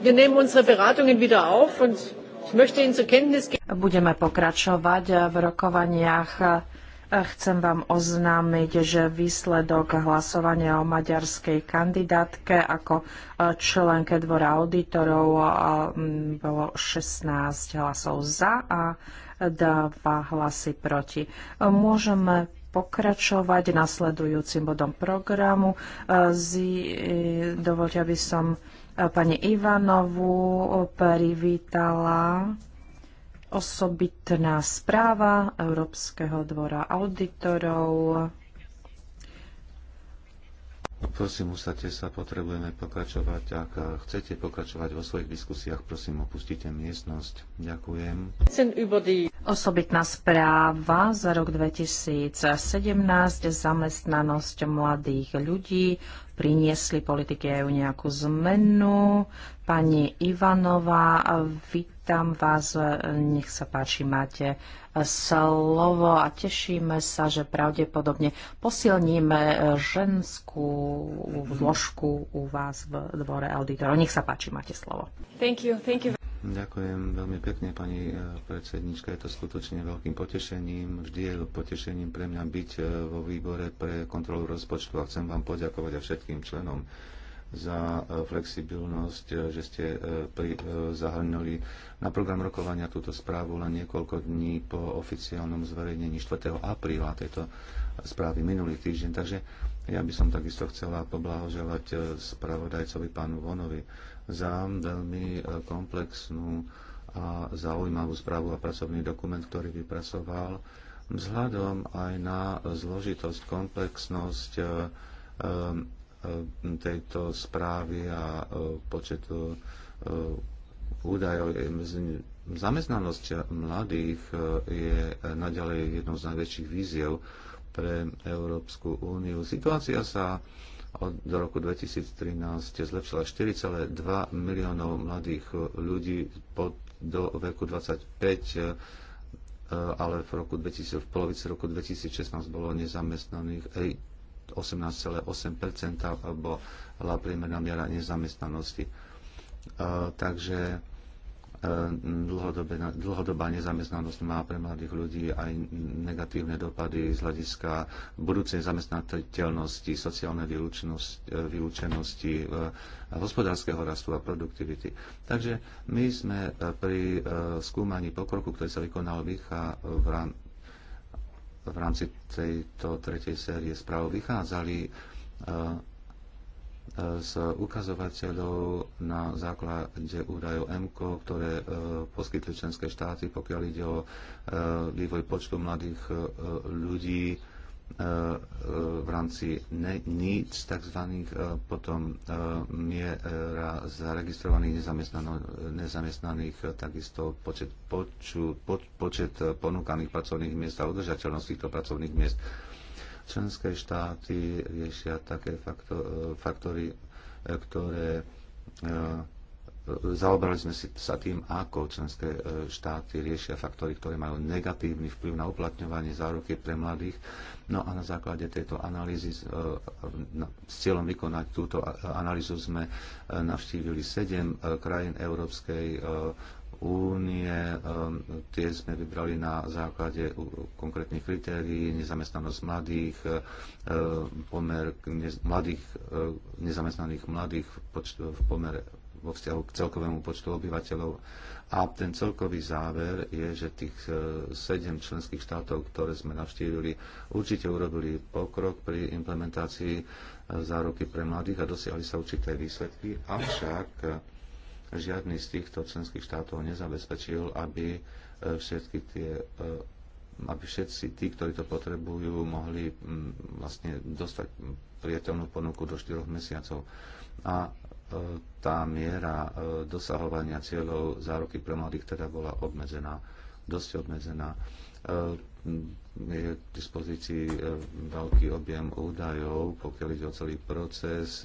Budeme pokračovať v rokovaniach. Chcem vám oznámiť, že výsledok hlasovania o maďarskej kandidátke ako e, členke dvora auditorov e, bolo 16 hlasov za a dva hlasy proti. Môžeme pokračovať nasledujúcim bodom programu. E, Dovoľte, aby som pani Ivanovu privítala osobitná správa Európskeho dvora auditorov. Prosím, usadte sa, potrebujeme pokračovať. Ak chcete pokračovať vo svojich diskusiách, prosím, opustite miestnosť. Ďakujem. Osobitná správa za rok 2017, zamestnanosť mladých ľudí priniesli politiky EU nejakú zmenu. Pani Ivanová, vítam vás, nech sa páči, máte slovo a tešíme sa, že pravdepodobne posilníme ženskú zložku u vás v dvore auditorov. Nech sa páči, máte slovo. Thank you, thank you. Ďakujem veľmi pekne, pani e, predsednička. Je to skutočne veľkým potešením. Vždy je potešením pre mňa byť e, vo výbore pre kontrolu rozpočtu a chcem vám poďakovať a všetkým členom za e, flexibilnosť, že ste zahrnuli na program rokovania túto správu len niekoľko dní po oficiálnom zverejnení 4. apríla tejto správy minulý týždeň. Takže ja by som takisto chcela poblahoželať spravodajcovi pánu Vonovi za veľmi e, komplexnú a zaujímavú správu a pracovný dokument, ktorý vypracoval. Vzhľadom aj na zložitosť, komplexnosť e, e, tejto správy a počet údajov, zamestnanosť mladých je naďalej jednou z najväčších víziev pre Európsku úniu. Situácia sa od, do roku 2013 zlepšila 4,2 miliónov mladých ľudí pod, do veku 25, e, ale v, roku 2000, v polovici roku 2016 bolo nezamestnaných 18,8 alebo hlavná priemerná miera nezamestnanosti. E, takže Ehm, dlhodobá nezamestnanosť má pre mladých ľudí aj negatívne dopady z hľadiska budúcej zamestnateľnosti, sociálnej vylúčenosti, eh, eh, hospodárskeho rastu a produktivity. Takže my sme eh, pri skúmaní pokroku, ktorý sa vykonal výcha v, rám, v rámci tejto tretej série správ, vychádzali z ukazovateľov na základe údajov MKO, ktoré e, poskytli členské štáty, pokiaľ ide o e, vývoj počtu mladých e, ľudí v rámci nic tzv. potom miera zaregistrovaných nezamestnaných, takisto počet, poču, po, počet ponúkaných pracovných miest a udržateľnosť týchto pracovných miest Členské štáty riešia také e, faktory, e, ktoré e, zaobrali sme si sa tým, ako členské štáty riešia faktory, ktoré majú negatívny vplyv na uplatňovanie záruky pre mladých. No a na základe tejto analýzy s cieľom vykonať túto analýzu sme navštívili sedem krajín Európskej únie. Ehm, tie sme vybrali na základe konkrétnych kritérií, nezamestnanosť mladých, ehm, pomer mladých, ehm, nezamestnaných mladých v pomere vo vzťahu k celkovému počtu obyvateľov. A ten celkový záver je, že tých sedem členských štátov, ktoré sme navštívili, určite urobili pokrok pri implementácii záruky pre mladých a dosiahli sa určité výsledky. Avšak žiadny z týchto členských štátov nezabezpečil, aby e, všetky tie e, aby všetci tí, ktorí to potrebujú, mohli vlastne dostať priateľnú ponuku do 4 mesiacov. A e, tá miera dosahovania cieľov záruky pre mladých teda bola obmedzená, dosť obmedzená je k dispozícii veľký objem údajov, pokiaľ ide o celý proces,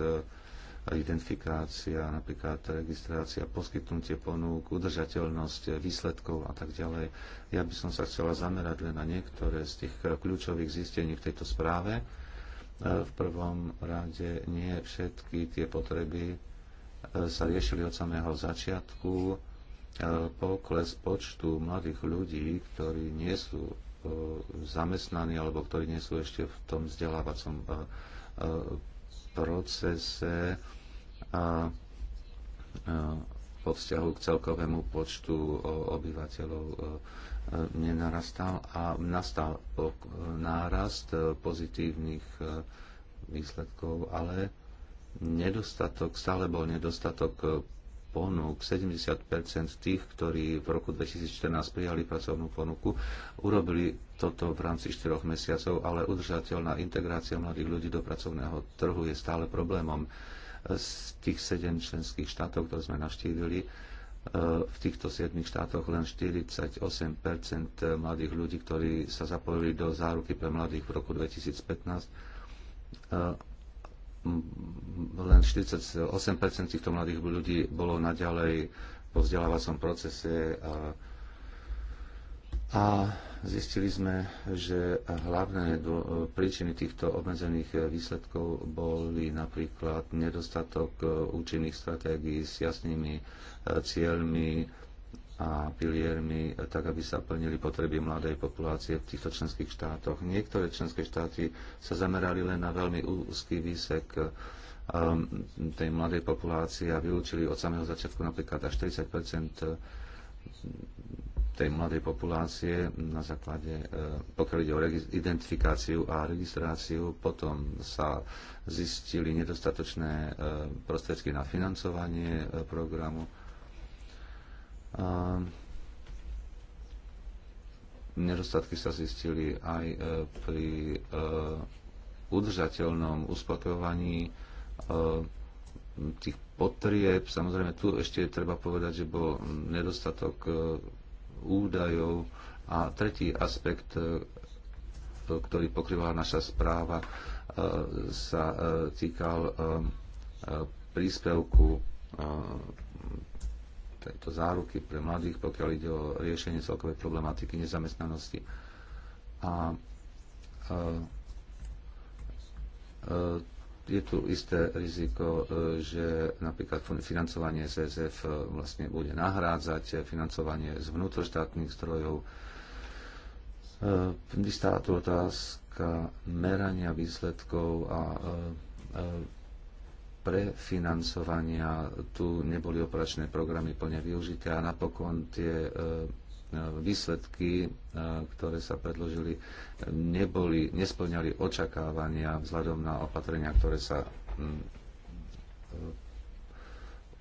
identifikácia, napríklad registrácia, poskytnutie ponúk, udržateľnosť výsledkov a tak ďalej. Ja by som sa chcela zamerať len na niektoré z tých kľúčových zistení v tejto správe. E, v prvom rade nie všetky tie potreby e, sa riešili od samého začiatku. E, pokles počtu mladých ľudí, ktorí nie sú zamestnaní alebo ktorí nie sú ešte v tom vzdelávacom procese a po vzťahu k celkovému počtu obyvateľov nenarastal a nastal nárast e, pozitívnych e, výsledkov, ale nedostatok, stále bol nedostatok e, ponúk, 70 tých, ktorí v roku 2014 prijali pracovnú ponuku, urobili toto v rámci 4 mesiacov, ale udržateľná integrácia mladých ľudí do pracovného trhu je stále problémom. Z tých 7 členských štátov, ktoré sme navštívili, e, v týchto 7 štátoch len 48 mladých ľudí, ktorí sa zapojili do záruky pre mladých v roku 2015, len 48% týchto mladých ľudí bolo naďalej po vzdelávacom procese a, a zistili sme, že hlavné do, príčiny týchto obmedzených výsledkov boli napríklad nedostatok účinných stratégií s jasnými e, cieľmi, a piliermi, tak aby sa plnili potreby mladej populácie v týchto členských štátoch. Niektoré členské štáty sa zamerali len na veľmi úzky výsek um, tej mladej populácie a vylúčili od samého začiatku napríklad až 40 um, tej mladej populácie na základe, um, pokiaľ ide o identifikáciu a registráciu, potom sa zistili nedostatočné prostriedky na financovanie uh, programu nedostatky sa zistili aj e, pri e, udržateľnom uspokojovaní e, tých potrieb. Samozrejme, tu ešte treba povedať, že bol nedostatok údajov. A tretí aspekt, ktorý pokrývala naša správa, sa týkal príspevku tejto záruky pre mladých, pokiaľ ide o riešenie celkovej problematiky nezamestnanosti. A je tu isté riziko, e, že napríklad financovanie z e, vlastne bude nahrádzať financovanie z vnútroštátnych zdrojov. Vystáva e, tu otázka merania výsledkov a prefinancovania tu neboli operačné programy plne využité a napokon tie e, e, výsledky, e, ktoré sa predložili, neboli, nesplňali očakávania vzhľadom na opatrenia, ktoré sa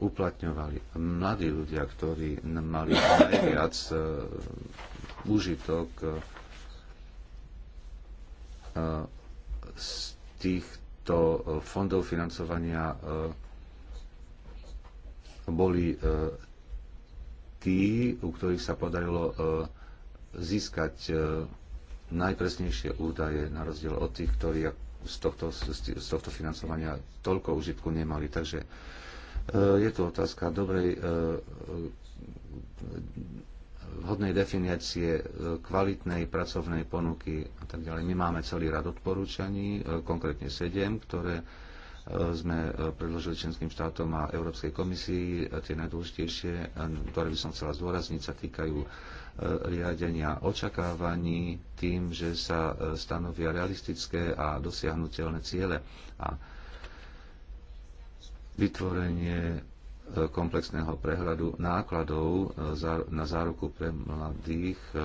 uplatňovali. Mladí ľudia, ktorí mali najviac užitok z tých týchto eh, fondov financovania eh, boli eh, tí, u ktorých sa podarilo získať najpresnejšie údaje na rozdiel od tých, ktorí z tohto, z tohto financovania toľko užitku nemali. Takže je to otázka dobrej vhodnej definície e, kvalitnej pracovnej ponuky a tak ďalej. My máme celý rad odporúčaní, e, konkrétne sedem, ktoré e, sme predložili členským štátom a Európskej komisii. Tie najdôležitejšie, ktoré by som chcela zdôrazniť, sa týkajú riadenia očakávaní tým, že sa stanovia realistické a dosiahnutelné ciele a vytvorenie komplexného prehľadu nákladov e, na záruku pre mladých e,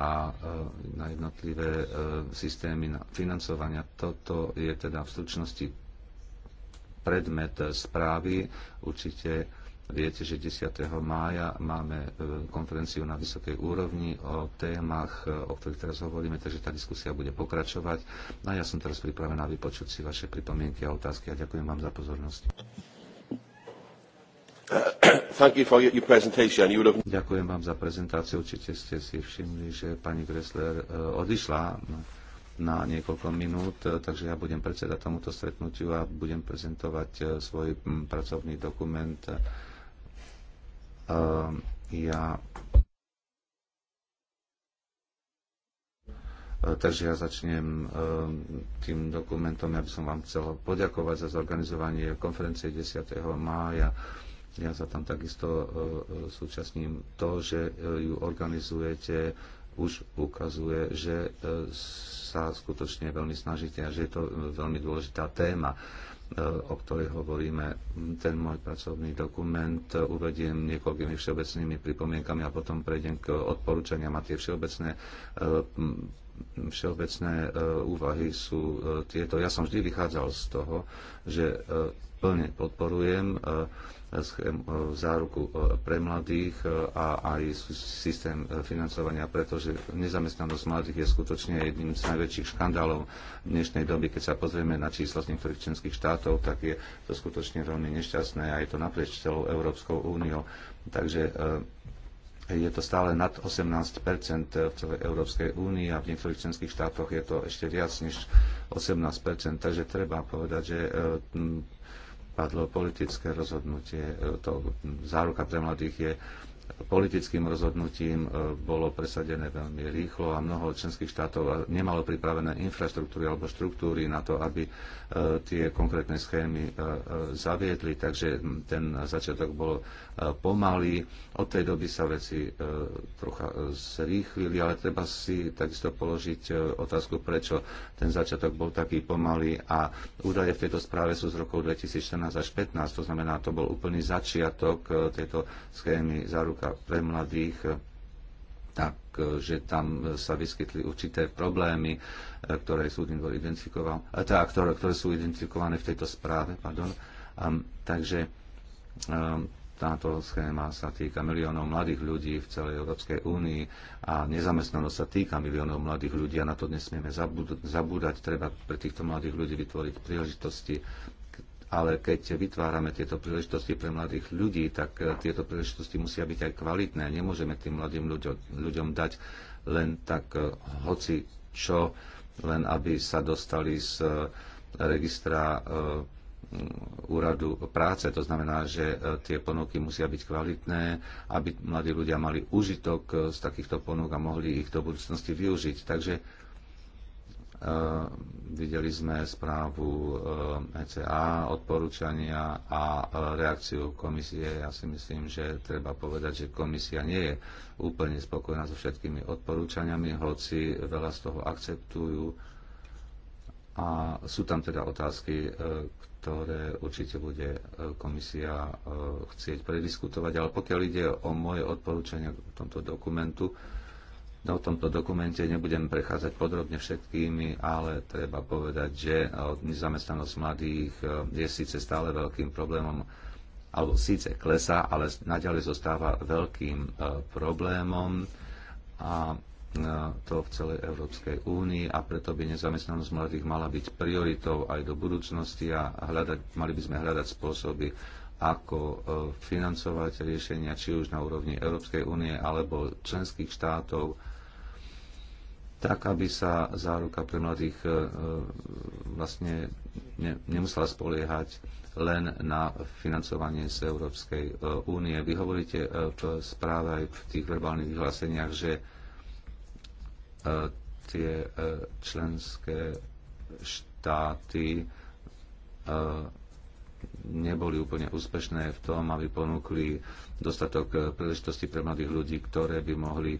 a e, na jednotlivé systémy financovania. Toto je teda v stručnosti predmet správy. Určite viete, že 10. mája máme konferenciu na vysokej úrovni o témach, o ktorých teraz hovoríme, takže tá diskusia bude pokračovať. No a ja som teraz pripravená vypočuť si vaše pripomienky a otázky a ďakujem vám za pozornosť. Ďakujem vám za prezentáciu. Určite ste si všimli, že pani Gressler e, odišla na niekoľko minút, e, takže ja budem predseda tomuto stretnutiu a budem prezentovať e, svoj pracovný dokument. Ja Takže ja začnem tým dokumentom. Ja by som vám chcel poďakovať za zorganizovanie konferencie 10. mája ja sa tam takisto e, e, súčasním. To, že e, ju organizujete, už ukazuje, že sa skutočne veľmi snažíte a že je to veľmi dôležitá téma o ktorej hovoríme. Ten môj pracovný dokument uvediem niekoľkými všeobecnými pripomienkami a potom prejdem k odporúčaniam a tie všeobecné všeobecné úvahy sú tieto. Ja som vždy vychádzal z toho, že plne podporujem schém, e, záruku e, pre mladých e, a aj systém financovania, pretože nezamestnanosť mladých je skutočne jedným z najväčších škandálov dnešnej doby. Keď sa pozrieme na čísla z niektorých členských štátov, tak je to skutočne veľmi nešťastné a je to naprieč celou Európskou úniou. Takže je to stále nad 18 v celej Európskej únii a v niektorých členských štátoch je to ešte viac než 18 Takže treba povedať, že padlo politické rozhodnutie. E, to záruka pre mladých je politickým rozhodnutím e, bolo presadené veľmi rýchlo a mnoho členských štátov nemalo pripravené infraštruktúry alebo štruktúry na to, aby e, tie konkrétne schémy zaviedli, takže ten začiatok bol pomalý. Od tej doby sa veci trocha zrýchlili, ale treba si takisto položiť otázku, prečo ten začiatok bol taký pomalý a údaje v tejto správe sú z roku až 15, to znamená, to bol úplný začiatok e, tejto schémy záruka pre mladých, e, takže e, tam sa vyskytli určité problémy, ktoré sú, identifikoval, teda, ktoré, ktoré sú identifikované v tejto správe. Pardon. Um, takže um, táto schéma sa týka miliónov mladých ľudí v celej Európskej únii a nezamestnanosť sa týka miliónov mladých ľudí a na to nesmieme zabúdať. Treba pre týchto mladých ľudí vytvoriť príležitosti ale keď vytvárame tieto príležitosti pre mladých ľudí, tak e, tieto príležitosti musia byť aj kvalitné. Nemôžeme tým mladým ľuďom, ľuďom dať len tak e, hoci čo, len aby sa dostali z e, registra úradu práce. To znamená, že tie ponuky musia byť kvalitné, aby mladí ľudia mali užitok z takýchto ponúk a mohli ich do budúcnosti využiť. Takže Eh, videli sme správu ECA, eh, e odporúčania a eh, reakciu komisie. Ja si myslím, že treba povedať, že komisia nie je úplne spokojná so všetkými odporúčaniami, hoci veľa z toho akceptujú. A sú tam teda otázky, ktoré určite bude komisia chcieť prediskutovať. Ale pokiaľ ide o moje odporúčania k tomto dokumentu, No, v tomto dokumente nebudem prechádzať podrobne všetkými, ale treba povedať, že eh, nezamestnanosť mladých eh, je síce stále veľkým problémom, alebo síce klesá, ale naďalej zostáva veľkým eh, problémom a to v celej Európskej únii a preto by nezamestnanosť mladých mala byť prioritou aj do budúcnosti a hľadať, mali by sme hľadať spôsoby, ako financovať riešenia či už na úrovni Európskej únie alebo členských štátov tak aby sa záruka pre mladých e, e, vlastne nemusela spoliehať len na financovanie z Európskej e, únie. Vy hovoríte v správe aj v tých verbálnych vyhláseniach, že tie členské štáty neboli úplne úspešné v tom, aby ponúkli dostatok príležitosti pre mladých ľudí, ktoré by mohli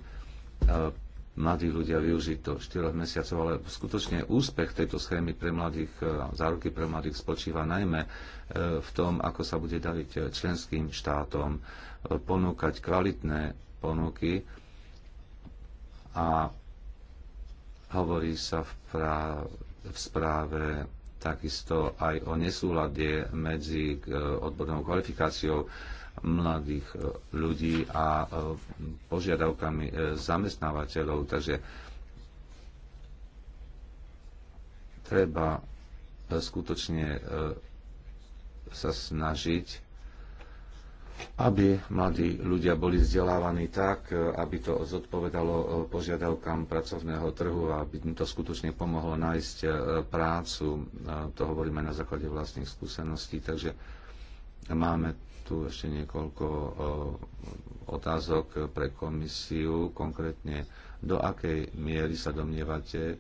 mladí ľudia využiť to 4 mesiacov, ale skutočne úspech tejto schémy pre mladých, e, záruky pre mladých spočíva najmä e, v tom, ako sa bude dať e, členským štátom ponúkať kvalitné ponuky a hovorí sa v, prá- v správe takisto aj o nesúlade medzi odbornou kvalifikáciou mladých e, ľudí a e, požiadavkami e, zamestnávateľov. Takže treba skutočne sa snažiť aby mladí ľudia boli vzdelávaní tak, aby to zodpovedalo požiadavkám pracovného trhu a aby im to skutočne pomohlo nájsť prácu. To hovoríme na základe vlastných skúseností, takže máme tu ešte niekoľko eh, otázok pre komisiu, konkrétne do akej miery sa domnievate,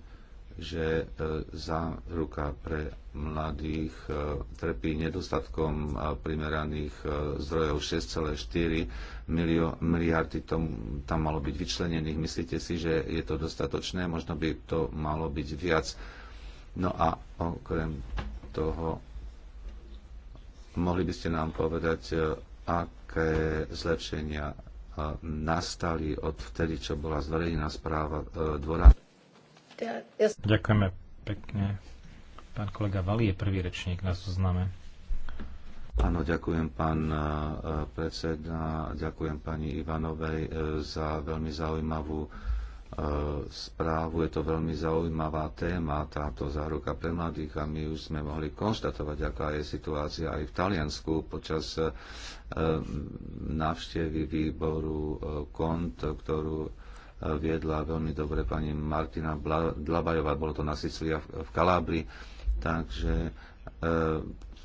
že eh, ruka pre mladých eh, trpí nedostatkom primeraných zdrojov 6,4 miliardy tom, tam malo byť vyčlenených. Myslíte si, že je to dostatočné? Možno by to malo byť viac. No a okrem toho Mohli by ste nám povedať, e, aké zlepšenia e, nastali od vtedy, čo bola zverejnená správa e, dvora? Ďakujeme pekne. Pán kolega Vali je prvý rečník na zozname. Áno, ďakujem pán predseda, ďakujem pani Ivanovej za veľmi zaujímavú E, správu. Je to veľmi zaujímavá téma, táto záruka pre mladých a my už sme mohli konštatovať, aká je situácia aj v Taliansku počas e, návštevy výboru e, KONT, ktorú viedla veľmi dobre pani Martina Dlabajová, bolo to na Sicílii v Kalábrii, takže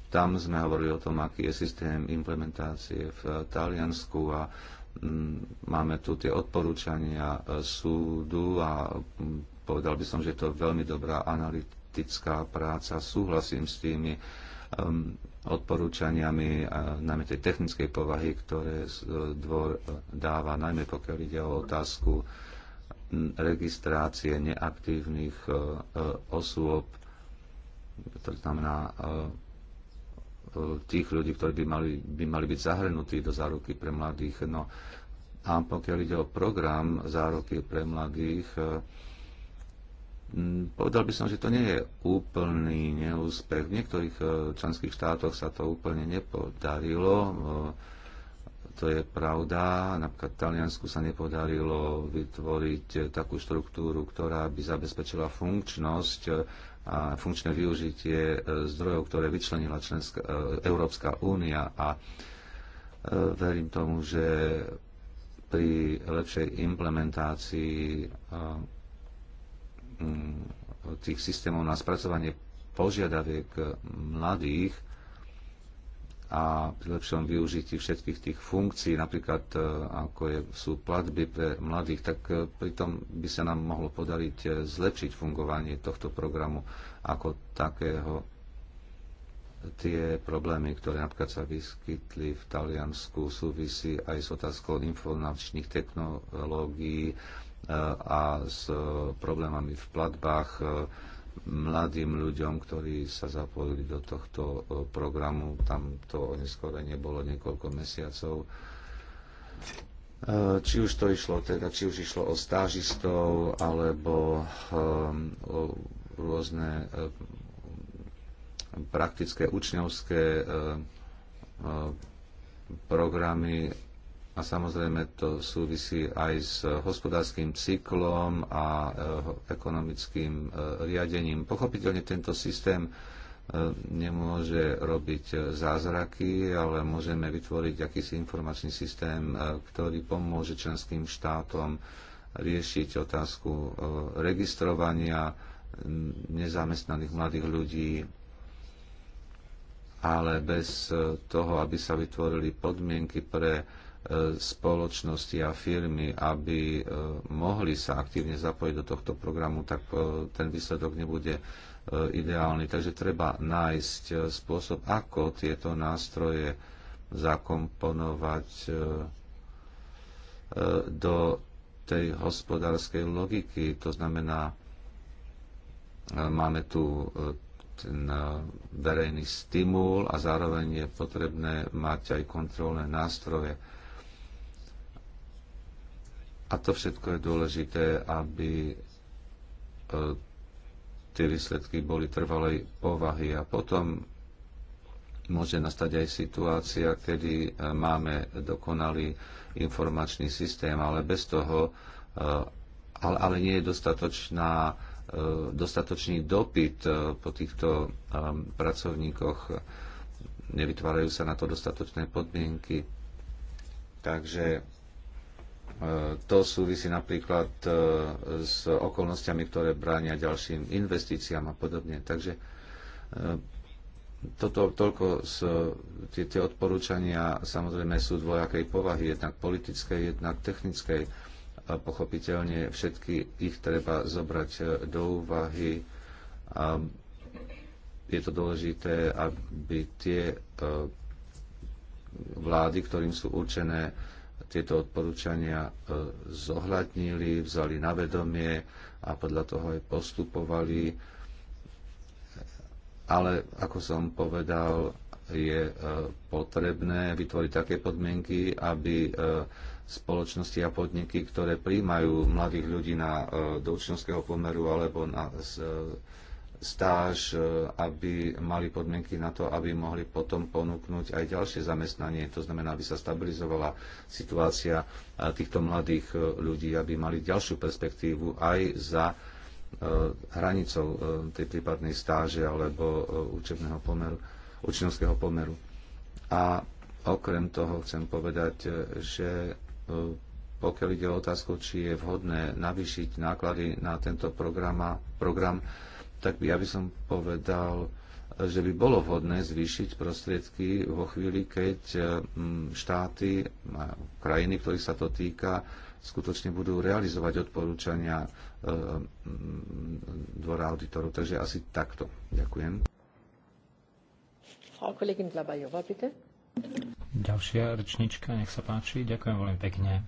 tam sme hovorili o tom, aký je systém implementácie v Taliansku a Mm, máme tu tie odporúčania e, súdu a mm, povedal by som, že to je veľmi dobrá analytická práca. Súhlasím s tými e, odporúčaniami e, najmä tej technickej povahy, ktoré dvor dáva, najmä pokiaľ ide o otázku registrácie neaktívnych osôb, to znamená E, tých ľudí, ktorí by mali, by mali byť zahrnutí do záruky pre mladých. No a pokiaľ ide o program záruky pre mladých, e, povedal by som, že to nie je úplný neúspech. V niektorých e, členských štátoch sa to úplne nepodarilo. To je pravda. Napríklad v Taliansku sa nepodarilo vytvoriť takú štruktúru, ktorá by zabezpečila funkčnosť a funkčné využitie e, zdrojov, ktoré vyčlenila členská, e, Európska únia a e, verím tomu, že pri lepšej implementácii tých systémov na spracovanie požiadaviek mladých a pri lepšom využití všetkých tých funkcií, napríklad e, ako je, sú platby pre mladých, tak e, pritom by sa nám mohlo podariť e, zlepšiť fungovanie tohto programu ako takého. Tie problémy, ktoré napríklad sa vyskytli v Taliansku, súvisí aj s otázkou informačných technológií a s problémami v platbách mladým ľuďom, ktorí sa zapojili do tohto e, programu. Tam to neskorene bolo niekoľko mesiacov. E, či už to išlo, teda, či už išlo o stážistov, alebo e, o rôzne praktické učňovské programy a samozrejme to súvisí aj s hospodárskym cyklom a eh, ekonomickým eh, riadením. Pochopiteľne tento systém eh, nemôže robiť zázraky, ale môžeme vytvoriť akýsi informačný systém, ktorý pomôže členským štátom riešiť otázku registrovania mm, nezamestnaných mladých ľudí, ale bez toho, aby sa vytvorili podmienky pre spoločnosti a firmy, aby e, mohli sa aktívne zapojiť do tohto programu, tak e, ten výsledok nebude e, ideálny. Takže treba nájsť spôsob, ako tieto nástroje zakomponovať do tej hospodárskej logiky. To znamená, máme tu ten verejný stimul a zároveň je potrebné mať aj kontrolné nástroje a to všetko je dôležité, aby e, tie výsledky boli trvalej povahy. A potom môže nastať aj situácia, kedy e, máme dokonalý informačný systém, ale bez toho, e, ale, ale nie je dostatočná, dostatočný dopyt po týchto pracovníkoch. Nevytvárajú sa na to dostatočné podmienky. Takže E, to súvisí napríklad e, s okolnostiami, ktoré bránia ďalším investíciám a podobne. Takže e, toto toľko z, tie, tie odporúčania samozrejme sú dvojakej povahy, jednak politickej, jednak technickej. A pochopiteľne všetky ich treba zobrať do úvahy. A je to dôležité, aby tie vlády, ktorým sú určené tieto odporúčania e, zohľadnili, vzali na vedomie a podľa toho aj postupovali. Ale, ako som povedal, je e, potrebné vytvoriť také podmienky, aby e, spoločnosti a podniky, ktoré príjmajú mladých ľudí na, do učňovského pomeru alebo na, z, stáž, e, aby mali podmienky na to, aby mohli potom ponúknuť aj ďalšie zamestnanie. To znamená, aby sa stabilizovala situácia e, týchto mladých e, ľudí, aby mali ďalšiu perspektívu aj za hranicou tej prípadnej stáže alebo učebného pomeru, učňovského pomeru. A okrem toho chcem povedať, že pokiaľ ide o otázku, či je vhodné navýšiť náklady na tento program, program tak ja by som povedal, že by bolo vhodné zvýšiť prostriedky vo chvíli, keď eh, štáty, krajiny, ktorých sa to týka, skutočne budú realizovať odporúčania eh, dvora auditorov. Takže asi takto. Ďakujem. Ďalšia rečnička, nech sa páči. Ďakujem veľmi pekne.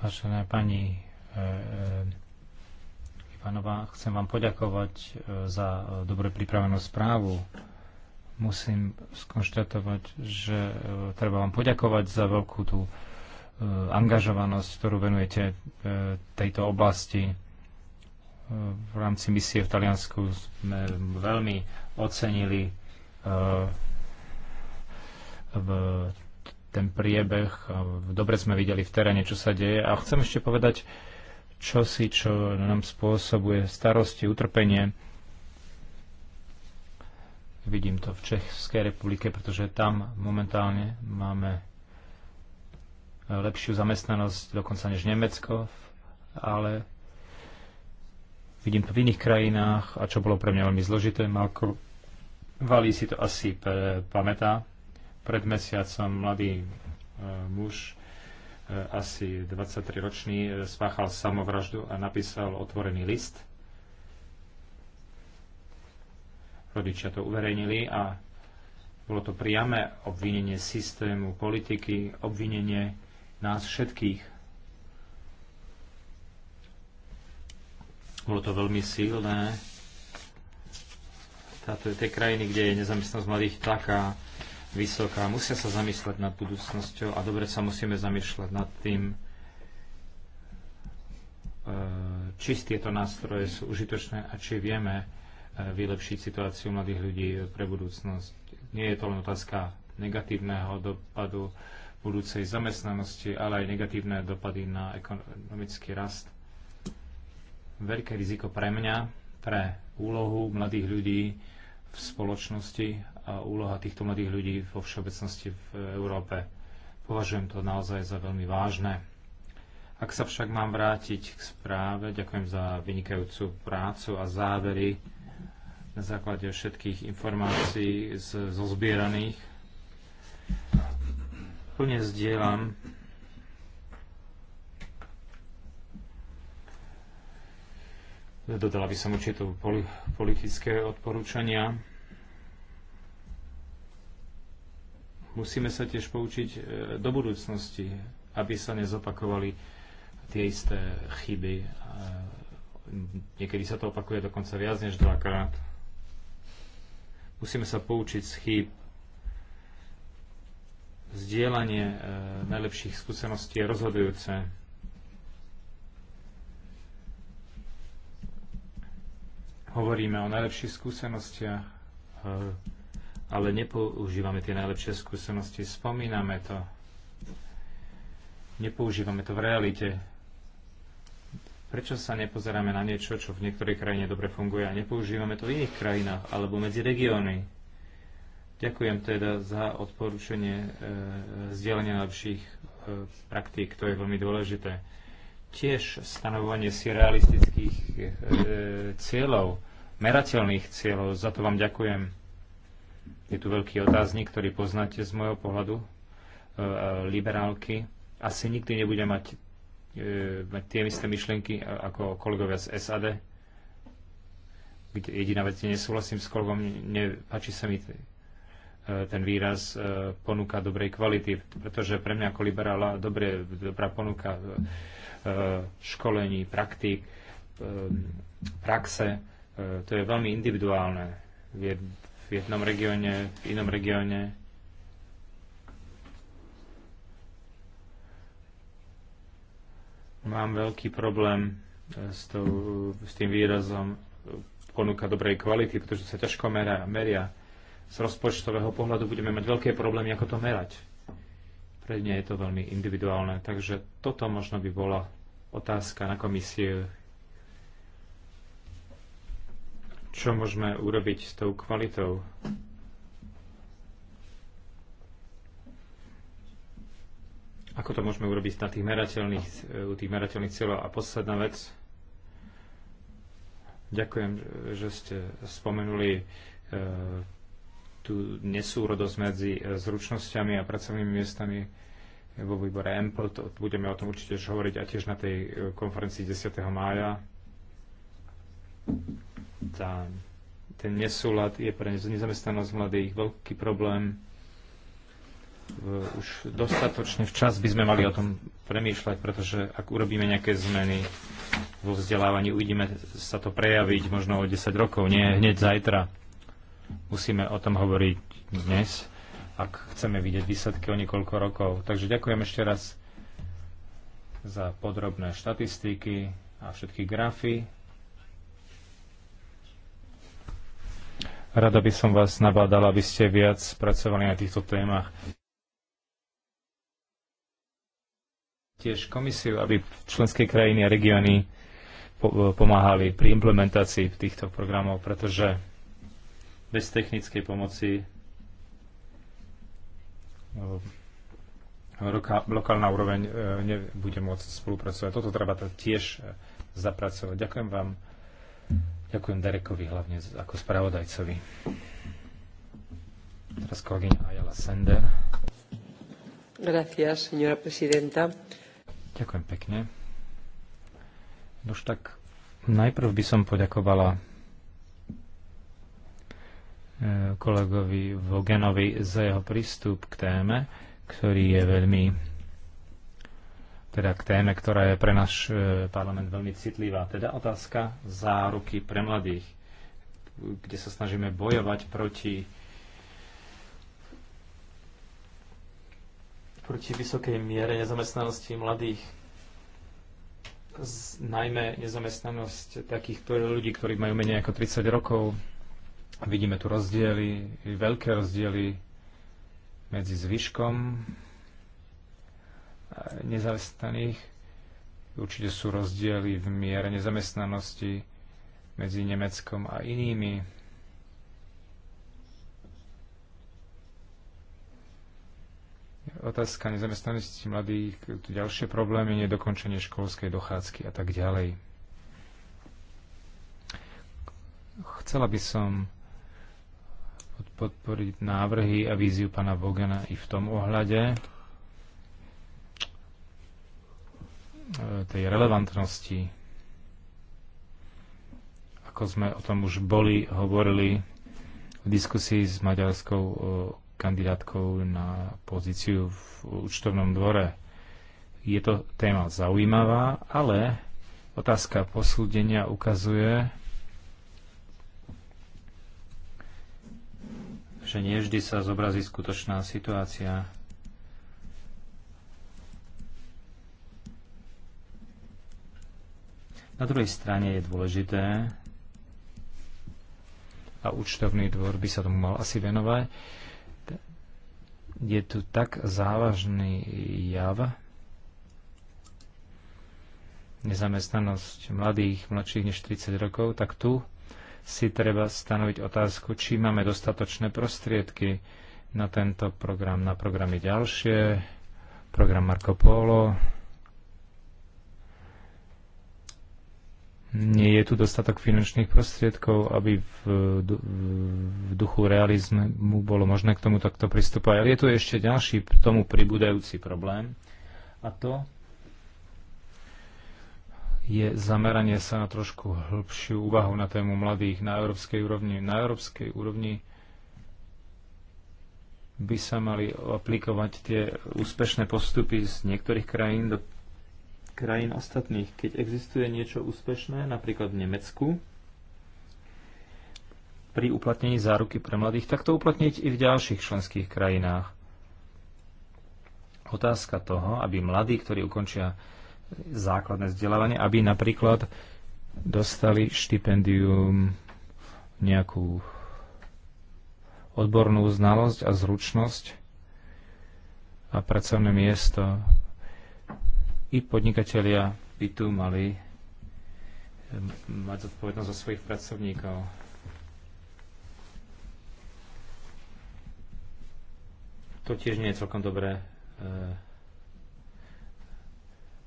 Vážená pani e, e, pánova, chcem vám poďakovať e, za e, dobre pripravenú správu. Musím skonštatovať, že e, treba vám poďakovať za veľkú tú angažovanosť, ktorú venujete tejto oblasti. V rámci misie v Taliansku sme veľmi ocenili v ten priebeh. Dobre sme videli v teréne, čo sa deje. A chcem ešte povedať, čosi, čo nám spôsobuje starosti, utrpenie. Vidím to v Českej republike, pretože tam momentálne máme lepšiu zamestnanosť dokonca než Nemecko, ale vidím to v iných krajinách a čo bolo pre mňa veľmi zložité, Malko Valí si to asi pamätá. Pred mesiacom mladý e, muž E, asi 23-ročný, e, spáchal samovraždu a napísal otvorený list. Rodičia to uverejnili a bolo to priame obvinenie systému, politiky, obvinenie nás všetkých. Bolo to veľmi silné. Táto je tej krajiny, kde je nezamestnosť mladých taká vysoká, musia sa zamýšľať nad budúcnosťou a dobre sa musíme zamýšľať nad tým, e, či tieto nástroje sú užitočné a či vieme e, vylepšiť situáciu mladých ľudí pre budúcnosť. Nie je to len otázka negatívneho dopadu budúcej zamestnanosti, ale aj negatívne dopady na ekonomický rast. Veľké riziko pre mňa, pre úlohu mladých ľudí v spoločnosti a úloha týchto mladých ľudí vo všeobecnosti v Európe. Považujem to naozaj za veľmi vážne. Ak sa však mám vrátiť k správe, ďakujem za vynikajúcu prácu a závery na základe všetkých informácií z, zo zbieraných. Plne zdieľam Dodala by som určite politické odporúčania. Musíme sa tiež poučiť e, do budúcnosti, aby sa nezopakovali tie isté chyby. Niekedy sa to opakuje dokonca viac než dvakrát. Musíme sa poučiť z chýb. Zdieľanie e, najlepších skúseností je rozhodujúce. hovoríme o najlepších skúsenostiach e, ale nepoužívame tie najlepšie skúsenosti, spomíname to, nepoužívame to v realite. Prečo sa nepozeráme na niečo, čo v niektorej krajine dobre funguje a nepoužívame to v iných krajinách alebo medzi regióny? Ďakujem teda za odporúčanie e, zdieľania lepších e, praktík, to je veľmi dôležité. Tiež stanovovanie si realistických e, cieľov, merateľných cieľov, za to vám ďakujem je tu veľký otáznik, ktorý poznáte z môjho pohľadu, e, liberálky. Asi nikdy nebude mať, e, mať tie isté myšlienky ako kolegovia z SAD, kde jediná vec, nesúhlasím s kolegom, nepáči sa mi e, ten výraz ponuka dobrej kvality, pretože pre mňa ako liberála dobré, dobrá ponuka školení, praktík, praxe, to je veľmi individuálne. Je v jednom regióne, v inom regióne. Mám veľký problém eh, s, tou, s tým výrazom eh, ponuka dobrej kvality, pretože sa ťažko meria, meria. Z rozpočtového pohľadu budeme mať veľké problémy, ako to merať. Pre mňa je to veľmi individuálne, takže toto možno by bola otázka na komisiu, čo môžeme urobiť s tou kvalitou. Ako to môžeme urobiť na tých merateľných, u tých merateľných cieľov? A posledná vec. Ďakujem, že ste spomenuli e, tú nesúrodosť medzi e, zručnosťami a pracovnými miestami vo výbore EMPL. To, budeme o tom určite hovoriť a tiež na tej e, konferencii 10. mája tá, ten nesúlad je pre nezamestnanosť mladých veľký problém. Už dostatočne včas by sme mali o tom premýšľať, pretože ak urobíme nejaké zmeny vo vzdelávaní, uvidíme sa to prejaviť možno o 10 rokov, nie hneď zajtra. Musíme o tom hovoriť dnes, ak chceme vidieť výsledky o niekoľko rokov. Takže ďakujem ešte raz za podrobné štatistiky a všetky grafy. Rada by som vás nabádala, aby ste viac pracovali na týchto témach. Tiež komisiu, aby členské krajiny a regióny pomáhali pri implementácii týchto programov, pretože bez technickej pomoci eh, lokálna úroveň eh, nebude môcť spolupracovať. Toto treba tiež eh, zapracovať. Ďakujem vám Ďakujem Darekovi hlavne ako spravodajcovi. Teraz kolegyňa Ayala Sender. Gracias, señora presidenta. Ďakujem pekne. Už tak najprv by som poďakovala e, kolegovi Vogenovi za jeho prístup k téme, ktorý je veľmi teda k téme, ktorá je pre náš e, parlament veľmi citlivá. Teda otázka záruky pre mladých, kde sa snažíme bojovať proti proti vysokej miere nezamestnanosti mladých. Z, najmä nezamestnanosť takých ľudí, ktorí majú menej ako 30 rokov. Vidíme tu rozdiely, veľké rozdiely medzi zvyškom nezamestnaných. Určite sú rozdiely v miere nezamestnanosti medzi Nemeckom a inými. Otázka nezamestnanosti mladých, ďalšie problémy, nedokončenie školskej dochádzky a tak ďalej. Chcela by som podporiť návrhy a víziu pána Vogana i v tom ohľade, E, tej relevantnosti, ako sme o tom už boli, hovorili v diskusii s maďarskou e, kandidátkou na pozíciu v účtovnom dvore. Je to téma zaujímavá, ale otázka posúdenia ukazuje, že nie vždy sa zobrazí skutočná situácia Na druhej strane je dôležité, a účtovný dvor by sa tomu mal asi venovať, je tu tak závažný jav, nezamestnanosť mladých, mladších než 30 rokov, tak tu si treba stanoviť otázku, či máme dostatočné prostriedky na tento program, na programy ďalšie, program Marco Polo, nie je tu dostatok finančných prostriedkov, aby v, v duchu realizmu bolo možné k tomu takto pristúpať. Ale je tu ešte ďalší k tomu pribúdajúci problém a to je zameranie sa na trošku hĺbšiu úvahu na tému mladých na európskej úrovni. Na európskej úrovni by sa mali aplikovať tie úspešné postupy z niektorých krajín do krajín ostatných. Keď existuje niečo úspešné, napríklad v Nemecku, pri uplatnení záruky pre mladých, tak to uplatniť i v ďalších členských krajinách. Otázka toho, aby mladí, ktorí ukončia základné vzdelávanie, aby napríklad dostali štipendium nejakú odbornú znalosť a zručnosť a pracovné miesto i podnikatelia by tu mali eh, mať zodpovednosť za svojich pracovníkov. To tiež nie je celkom dobré. Eh,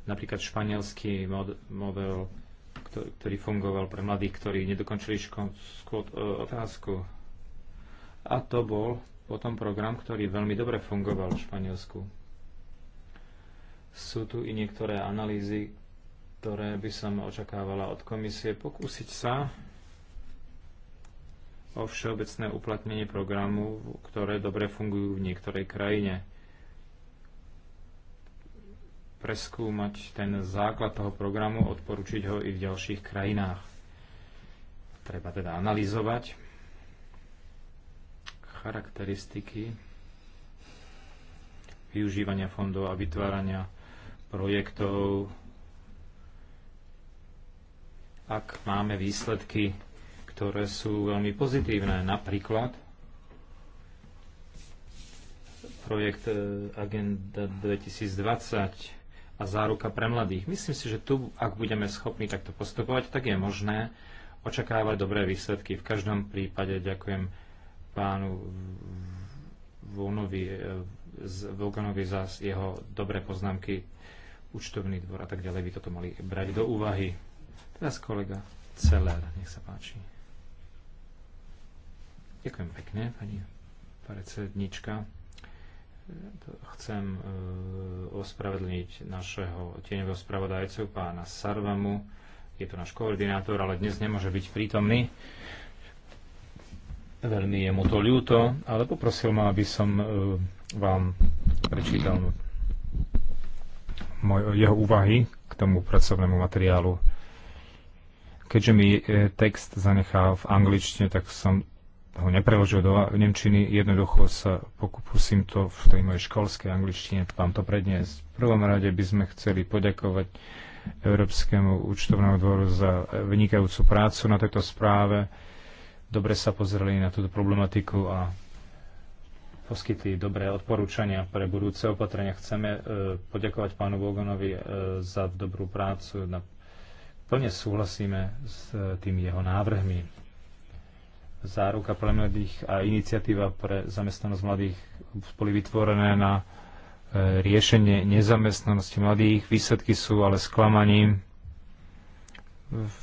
napríklad španielský model, ktorý fungoval pre mladých, ktorí nedokončili školskú eh, otázku. A to bol potom program, ktorý veľmi dobre fungoval v Španielsku sú tu i niektoré analýzy, ktoré by som očakávala od komisie pokúsiť sa o všeobecné uplatnenie programu, ktoré dobre fungujú v niektorej krajine. Preskúmať ten základ toho programu, odporučiť ho i v ďalších krajinách. Treba teda analyzovať charakteristiky využívania fondov a vytvárania projektov, ak máme výsledky, ktoré sú veľmi pozitívne. Napríklad projekt e, Agenda 2020 a záruka pre mladých. Myslím si, že tu, ak budeme schopní takto postupovať, tak je možné očakávať dobré výsledky. V každom prípade ďakujem pánu Vonovi, e, Vulkanovi za jeho dobré poznámky účtovný dvor a tak ďalej by toto mali brať do úvahy. Teraz kolega Celer, nech sa páči. Ďakujem pekne, pani predsednička. Chcem e, ospravedlniť našeho tieňového spravodajcu, pána Sarvamu. Je to náš koordinátor, ale dnes nemôže byť prítomný. Veľmi je mu to ľúto, ale poprosil ma, aby som e, vám prečítal moj, jeho úvahy k tomu pracovnému materiálu. Keďže mi e, text zanechal v angličtine, tak som ho nepreložil do nemčiny. Jednoducho sa pokúsim to v tej mojej školskej angličtine vám to predniesť. V prvom rade by sme chceli poďakovať Európskemu účtovnému dvoru za vynikajúcu prácu na tejto správe. Dobre sa pozreli na túto problematiku a poskytli dobré odporúčania pre budúce opatrenia. Chceme e, poďakovať pánu Bogonovi e, za dobrú prácu. Plne súhlasíme s e, tými jeho návrhmi. Záruka pre mladých a iniciatíva pre zamestnanosť mladých boli vytvorené na riešenie nezamestnanosti mladých. Výsledky sú ale sklamaním.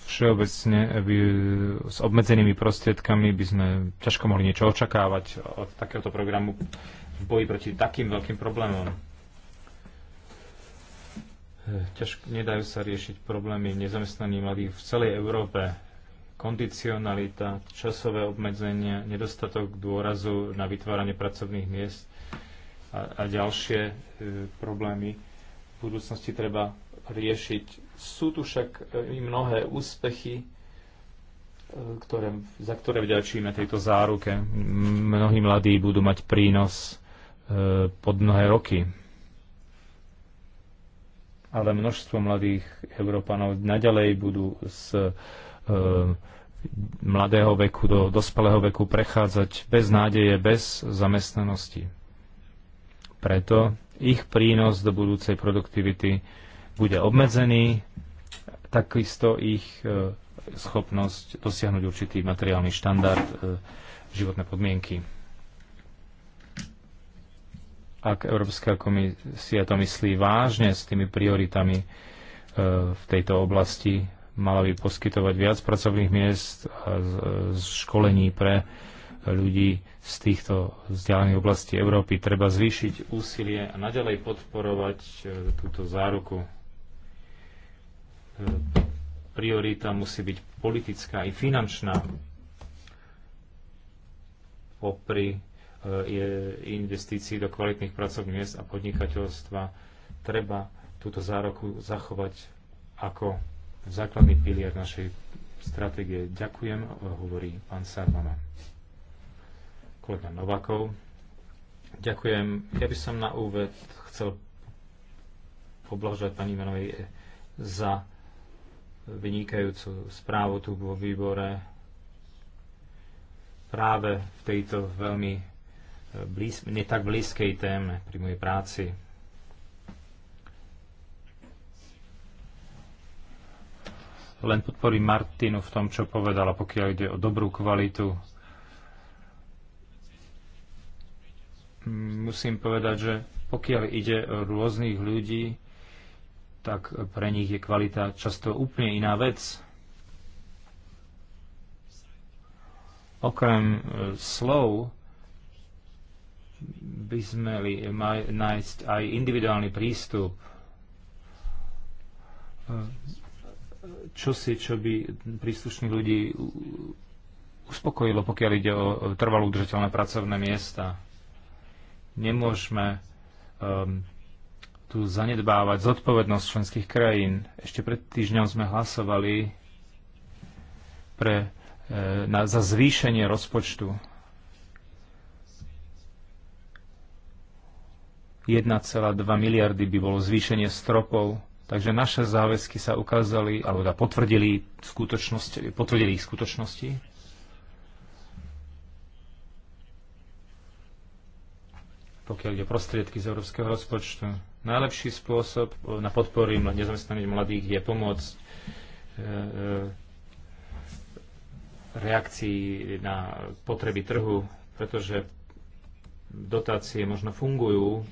Všeobecne by, s obmedzenými prostriedkami by sme ťažko mohli niečo očakávať od takéhoto programu v boji proti takým veľkým problémom. Ťažko, nedajú sa riešiť problémy nezamestnaných mladých v celej Európe. Kondicionalita, časové obmedzenia, nedostatok dôrazu na vytváranie pracovných miest a, a ďalšie e, problémy v budúcnosti treba riešiť sú tu však e, i mnohé úspechy, e, ktoré, za ktoré vďačíme tejto záruke. Mnohí mladí budú mať prínos e, pod mnohé roky. Ale množstvo mladých Európanov naďalej budú z mladého veku do dospelého veku prechádzať bez nádeje, bez zamestnanosti. Preto ich prínos do budúcej produktivity bude obmedzený, takisto ich e, schopnosť dosiahnuť určitý materiálny štandard, e, životné podmienky. Ak Európska komisia to myslí vážne s tými prioritami e, v tejto oblasti, mala by poskytovať viac pracovných miest a školení pre ľudí z týchto vzdialených oblastí Európy. Treba zvýšiť úsilie a naďalej podporovať túto záruku priorita musí byť politická i finančná popri e, investícií do kvalitných pracovných miest a podnikateľstva treba túto zároku zachovať ako základný pilier našej stratégie. Ďakujem, e, hovorí pán Sarmana. Kolega Novakov. Ďakujem. Ja by som na úved chcel poblahožať pani Menovej e, za vynikajúcu správu tu vo výbore práve v tejto veľmi e, blíz, netak blízkej téme pri mojej práci. Len podporím Martinu v tom, čo povedala, pokiaľ ide o dobrú kvalitu. Musím povedať, že pokiaľ ide o rôznych ľudí, tak pre nich je kvalita často úplne iná vec. Okrem e, slov by sme mali nájsť aj individuálny prístup e, si, čo by príslušných ľudí uspokojilo, pokiaľ ide o trvalo udržateľné pracovné miesta. Nemôžeme um, tu zanedbávať zodpovednosť členských krajín. Ešte pred týždňom sme hlasovali pre, e, na, za zvýšenie rozpočtu 1,2 miliardy by bolo zvýšenie stropov. Takže naše záväzky sa ukázali, alebo da teda potvrdili, skutočnosť, potvrdili ich skutočnosti. Pokiaľ ide prostriedky z európskeho rozpočtu. Najlepší spôsob e, na podporu nezamestnaných mladých je pomôcť e, e, reakcii na potreby trhu, pretože dotácie možno fungujú,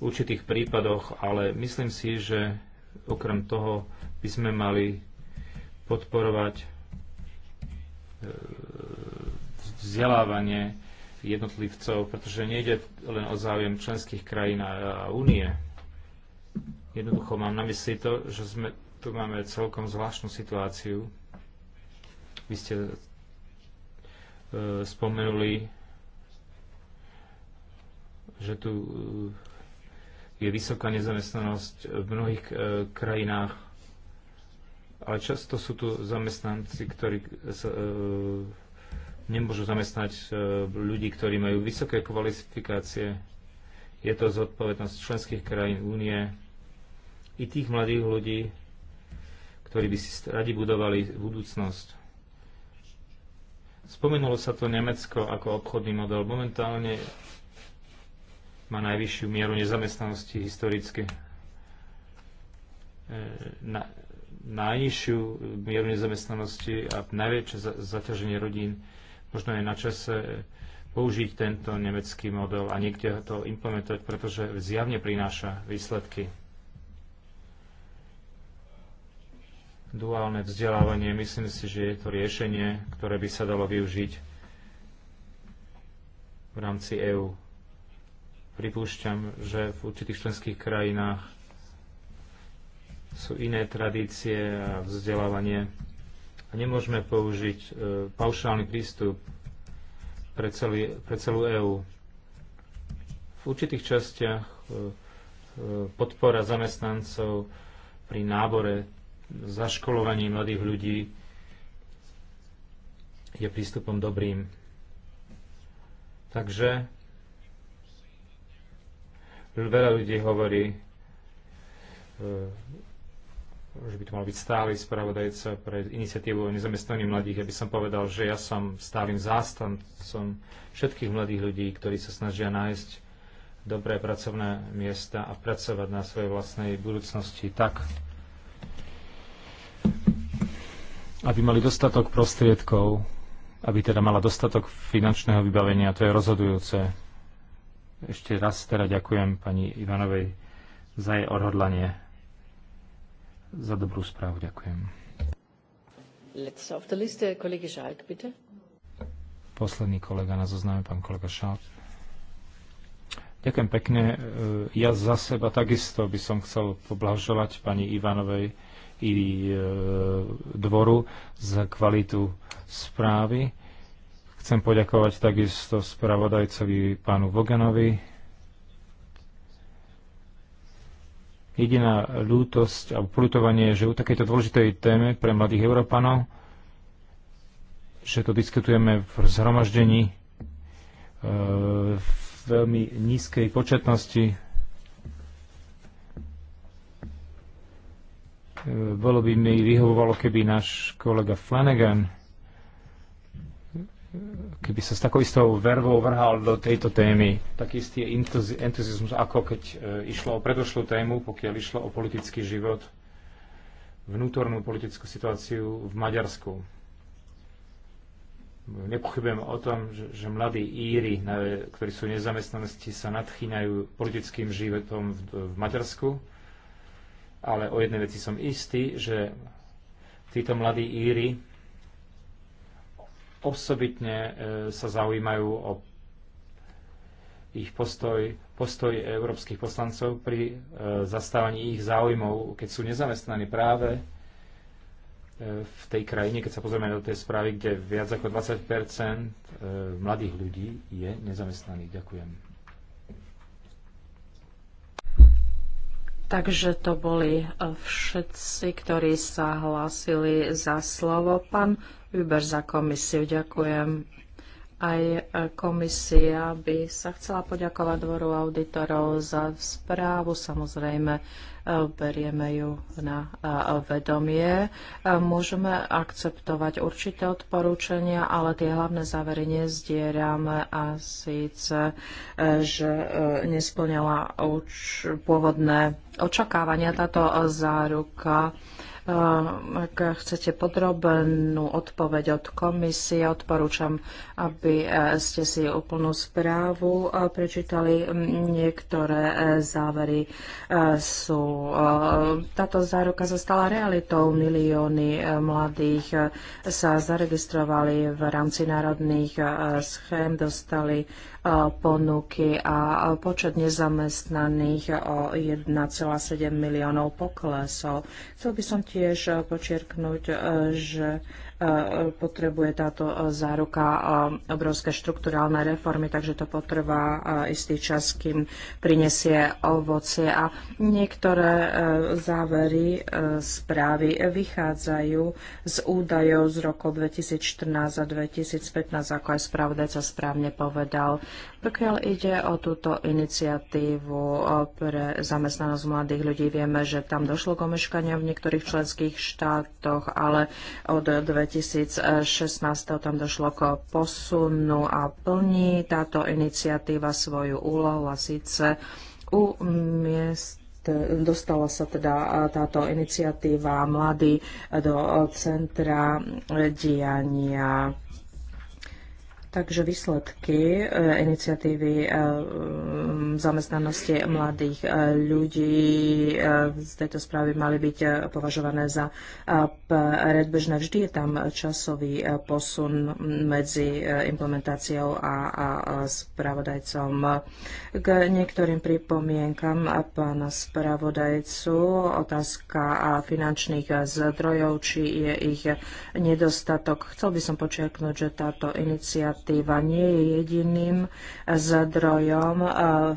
v určitých prípadoch, ale myslím si, že okrem toho by sme mali podporovať vzdelávanie jednotlivcov, pretože nejde len o záujem členských krajín a únie. Jednoducho mám na mysli to, že sme, tu máme celkom zvláštnu situáciu. Vy ste e, spomenuli, že tu e, je vysoká nezamestnanosť v mnohých e, krajinách, ale často sú tu zamestnanci, ktorí e, nemôžu zamestnať e, ľudí, ktorí majú vysoké kvalifikácie. Je to zodpovednosť členských krajín únie i tých mladých ľudí, ktorí by si radi budovali budúcnosť. Spomenulo sa to Nemecko ako obchodný model. Momentálne má najvyššiu mieru nezamestnanosti historicky. E, na, najnižšiu mieru nezamestnanosti a najväčšie zaťaženie rodín Možno je na čase e, použiť tento nemecký model a niekde to implementovať, pretože zjavne prináša výsledky. Duálne vzdelávanie, myslím si, že je to riešenie, ktoré by sa dalo využiť v rámci EÚ. Pripúšťam, že v určitých členských krajinách sú iné tradície a vzdelávanie a Nemôžeme použiť e, paušálny prístup pre, celý, pre celú EÚ. V určitých častiach e, e, podpora zamestnancov pri nábore, zaškolovaní mladých ľudí je prístupom dobrým. Takže veľa ľudí hovorí, e, že by to mal byť stály spravodajca pre iniciatívu o nezamestnaní mladých. Ja by som povedal, že ja som stálym zástancom všetkých mladých ľudí, ktorí sa snažia nájsť dobré pracovné miesta a pracovať na svojej vlastnej budúcnosti tak, aby mali dostatok prostriedkov, aby teda mala dostatok finančného vybavenia. To je rozhodujúce. Ešte raz teda ďakujem pani Ivanovej za jej odhodlanie za dobrú správu. Ďakujem. Eh, Posledný kolega na zozname, pán kolega Šalk. Ďakujem pekne. Eh, ja za seba takisto by som chcel poblahoželať pani Ivanovej i eh, dvoru za kvalitu správy. Chcem poďakovať takisto spravodajcovi pánu Voganovi, Jediná ľútosť a plutovanie, že u takejto dôležitej téme pre mladých Európanov, že to diskutujeme v zhromaždení e, v veľmi nízkej početnosti. E, bolo by mi vyhovovalo, keby náš kolega Flanagan keby sa s takou istou vervou vrhal do tejto témy, taký istý entuziasmus, ako keď e, išlo o predošlú tému, pokiaľ išlo o politický život, vnútornú politickú situáciu v Maďarsku. Nepochybujem o tom, že, že mladí Íry, na, ktorí sú v nezamestnanosti, sa nadchýňajú politickým životom v, v Maďarsku, ale o jednej veci som istý, že títo mladí Íry osobitne e, sa zaujímajú o ich postoj, postoj európskych poslancov pri e, zastávaní ich záujmov, keď sú nezamestnaní práve e, v tej krajine, keď sa pozrieme do tej správy, kde viac ako 20 mladých ľudí je nezamestnaných. Ďakujem. Takže to boli e, všetci, ktorí sa hlásili za slovo. Pán Uber za komisiu, ďakujem. Aj e, komisia by sa chcela poďakovať dvoru auditorov za správu. Samozrejme, e, berieme ju na e, vedomie. Môžeme akceptovať určité odporúčania, ale tie hlavné závery nezdierame a síce, že nesplňala pôvodné očakávania táto záruka ak chcete podrobnú odpoveď od komisie, odporúčam, aby e, ste si úplnú správu e, prečítali. Niektoré e, závery sú. Táto záruka sa stala realitou. Milióny mladých sa zaregistrovali v rámci národných schém, dostali ponuky a počet nezamestnaných o 1,7 miliónov poklesol. Chcel by som tiež počierknúť, že E, potrebuje táto e, záruka e, obrovské štrukturálne reformy, takže to potrvá istý čas, kým prinesie ovocie. A niektoré závery správy vychádzajú z údajov z rokov 2014 a 2015, ako aj spravodajca správne povedal. Pokiaľ ide o túto iniciatívu pre zamestnanosť mladých ľudí, vieme, že tam došlo k omeškaniam v niektorých členských štátoch, ale od 2016 tam došlo k posunu a plní táto iniciatíva svoju úlohu a síce u miest dostala sa teda táto iniciatíva mladí do centra diania Takže výsledky eh, iniciatívy eh, mm, zamestnanosti mladých eh, ľudí z tejto správy mali byť považované za predbežné. Vždy je tam časový posun medzi implementáciou a spravodajcom. K niektorým pripomienkam pána spravodajcu otázka finančných zdrojov, či je ich nedostatok. Chcel by som počiarknúť, že táto iniciatíva legislatíva nie je jediným eh, zdrojom eh,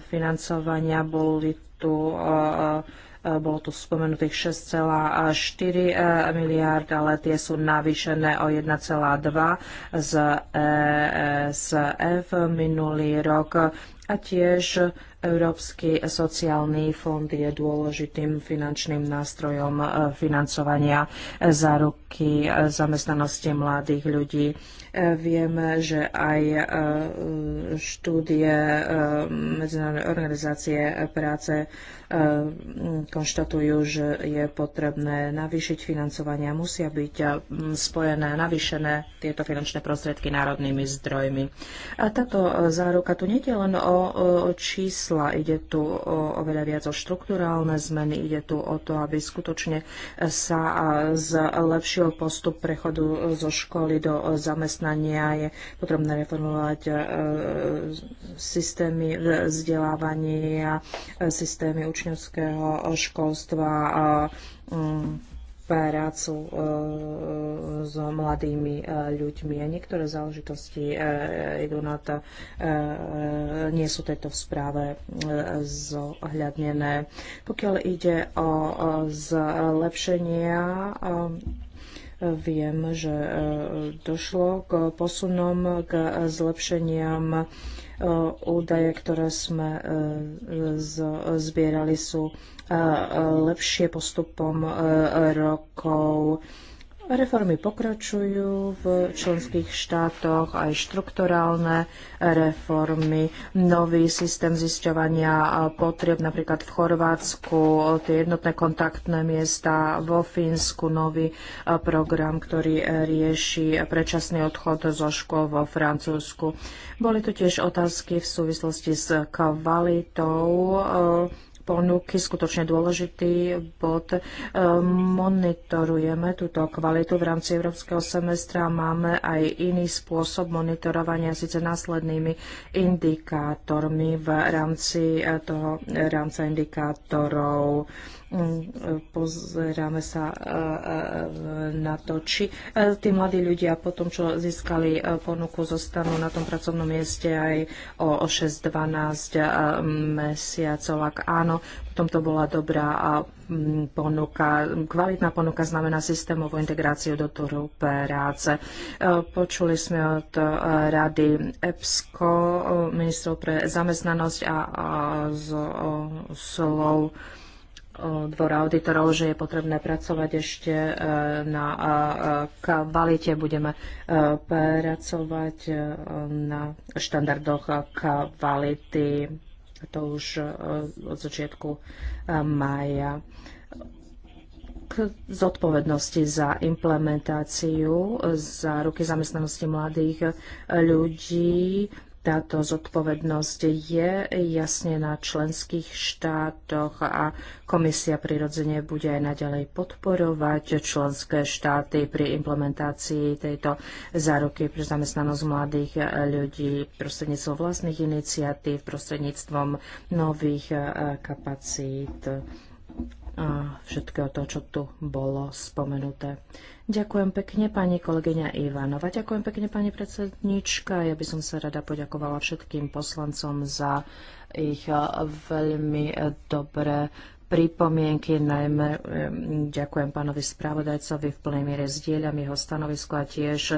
financovania. Boli tu eh, bolo tu spomenutých 6,4 miliard, ale tie sú navýšené o 1,2 z ESF minulý rok a tiež Európsky sociálny fond je dôležitým finančným nástrojom e, financovania záruky e, zamestnanosti mladých ľudí. E, Vieme, že aj štúdie Medzinárodnej organizácie práce konštatujú, že je potrebné navýšiť financovanie a musia byť spojené, navýšené tieto finančné prostriedky národnými zdrojmi. A táto záruka tu nie je len o číslo čísla, ide tu o, oveľa viac o štruktúrálne zmeny, ide tu o to, aby skutočne sa zlepšil postup prechodu zo školy do zamestnania. Je potrebné reformovať e, systémy vzdelávania, e, systémy učňovského školstva, mm, prácu e, e, s mladými e, ľuďmi. A niektoré záležitosti idú na to, nie sú tejto v správe zohľadnené. Pokiaľ ide o zlepšenia viem, že došlo k posunom, k zlepšeniam. Údaje, ktoré sme zbierali, sú lepšie postupom rokov. Reformy pokračujú v členských štátoch, aj štrukturálne reformy, nový systém zisťovania potrieb, napríklad v Chorvátsku, tie jednotné kontaktné miesta, vo Fínsku nový program, ktorý rieši predčasný odchod zo škôl vo Francúzsku. Boli tu tiež otázky v súvislosti s kvalitou ponuky skutočne dôležitý bod. E, monitorujeme túto kvalitu v rámci Európskeho semestra. a Máme aj iný spôsob monitorovania, síce následnými indikátormi v rámci e, toho rámca indikátorov Pozeráme sa e, e, e, na to, či tí mladí ľudia po tom, čo získali ponuku, zostanú na tom pracovnom mieste aj o 6-12 mesiacov. Ak áno, potom to bola dobrá ponuka. Kvalitná ponuka znamená systémovú integráciu do trhu práce. Počuli sme od rady EPSCO, ministrov pre zamestnanosť a z slov dvora auditorov, že je potrebné pracovať ešte e, na e, e, kvalite. Budeme pracovať na štandardoch kvality. To už od začiatku mája k zodpovednosti za implementáciu za ruky zamestnanosti mladých ľudí táto zodpovednosť je jasne na členských štátoch a komisia prirodzene bude aj naďalej podporovať členské štáty pri implementácii tejto záruky pre zamestnanosť mladých ľudí prostredníctvom vlastných iniciatív, prostredníctvom nových kapacít a všetkého toho, čo tu bolo spomenuté. Ďakujem pekne pani kolegyňa Ivanova, ďakujem pekne pani predsednička. Ja by som sa rada poďakovala všetkým poslancom za ich eh, veľmi eh, dobré pripomienky, najmä ďakujem pánovi spravodajcovi, v plnej miere zdieľam jeho stanovisko a tiež e,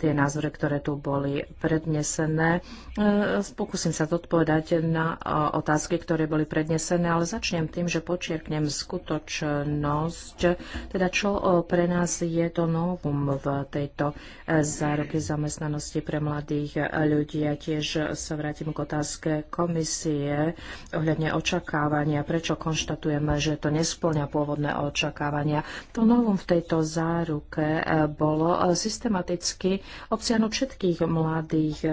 tie názory, ktoré tu boli prednesené. E, pokúsim sa zodpovedať na e, otázky, ktoré boli prednesené, ale začnem tým, že počierknem skutočnosť, teda čo pre nás je to novum v tejto zároky zamestnanosti pre mladých ľudí. A tiež sa vrátim k otázke komisie ohľadne očakávania, prečo konštatujem konštatujeme, že to nesplňa pôvodné očakávania. To novom v tejto záruke e, bolo e, systematicky obsiahnuť všetkých mladých e,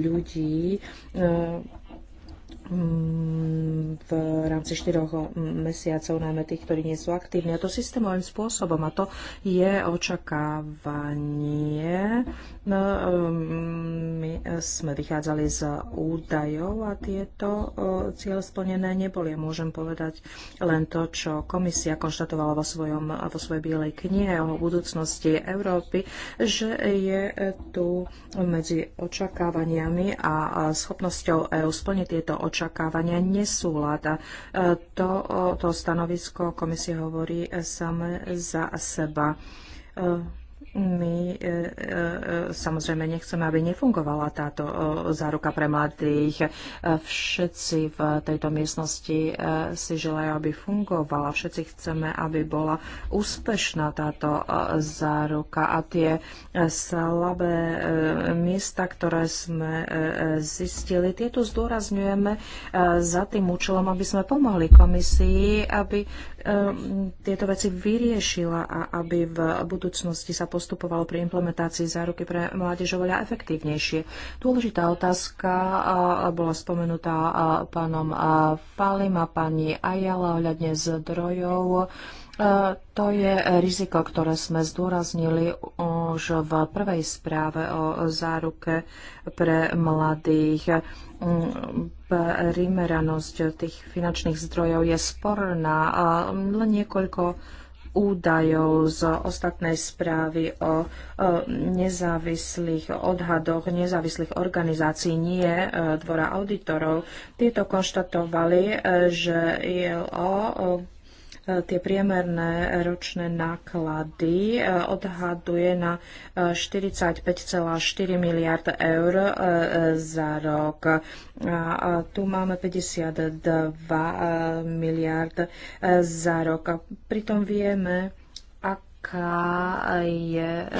ľudí v rámci 4 mesiacov, najmä tých, ktorí nie sú aktívni. A to systémovým spôsobom. A to je očakávanie. No, um, my sme vychádzali z údajov a tieto cieľ splnené neboli. A môžem povedať len to, čo komisia konštatovala vo, svojom, vo svojej bielej knihe o budúcnosti Európy, že je tu medzi očakávaniami a schopnosťou EU splniť tieto očakávania očakávania nesúlad. E, to, to stanovisko komisie hovorí e, same za seba e, my e, e, e, samozrejme nechceme, aby nefungovala táto záruka pre mladých. Všetci v tejto miestnosti si želajú, aby fungovala. Všetci chceme, aby bola úspešná táto záruka. A tie slabé miesta, ktoré sme zistili, tie tu zdôrazňujeme za tým účelom, aby sme pomohli komisii, aby tieto veci vyriešila a aby v budúcnosti sa posunula postupovalo pri implementácii záruky pre mládež oveľa efektívnejšie. Dôležitá otázka bola spomenutá pánom Palim a pani Ajala ohľadne zdrojov. To je riziko, ktoré sme zdôraznili už v prvej správe o záruke pre mladých primeranosť tých finančných zdrojov je sporná. Len niekoľko údajov z ostatnej správy o nezávislých odhadoch nezávislých organizácií, nie e, Dvora auditorov. Tieto konštatovali, e, že ILO E, tie priemerné ročné náklady e, odhaduje na 45,4 e, miliard eur za rok. A tu máme 52 miliard za rok. A pritom vieme, aká je,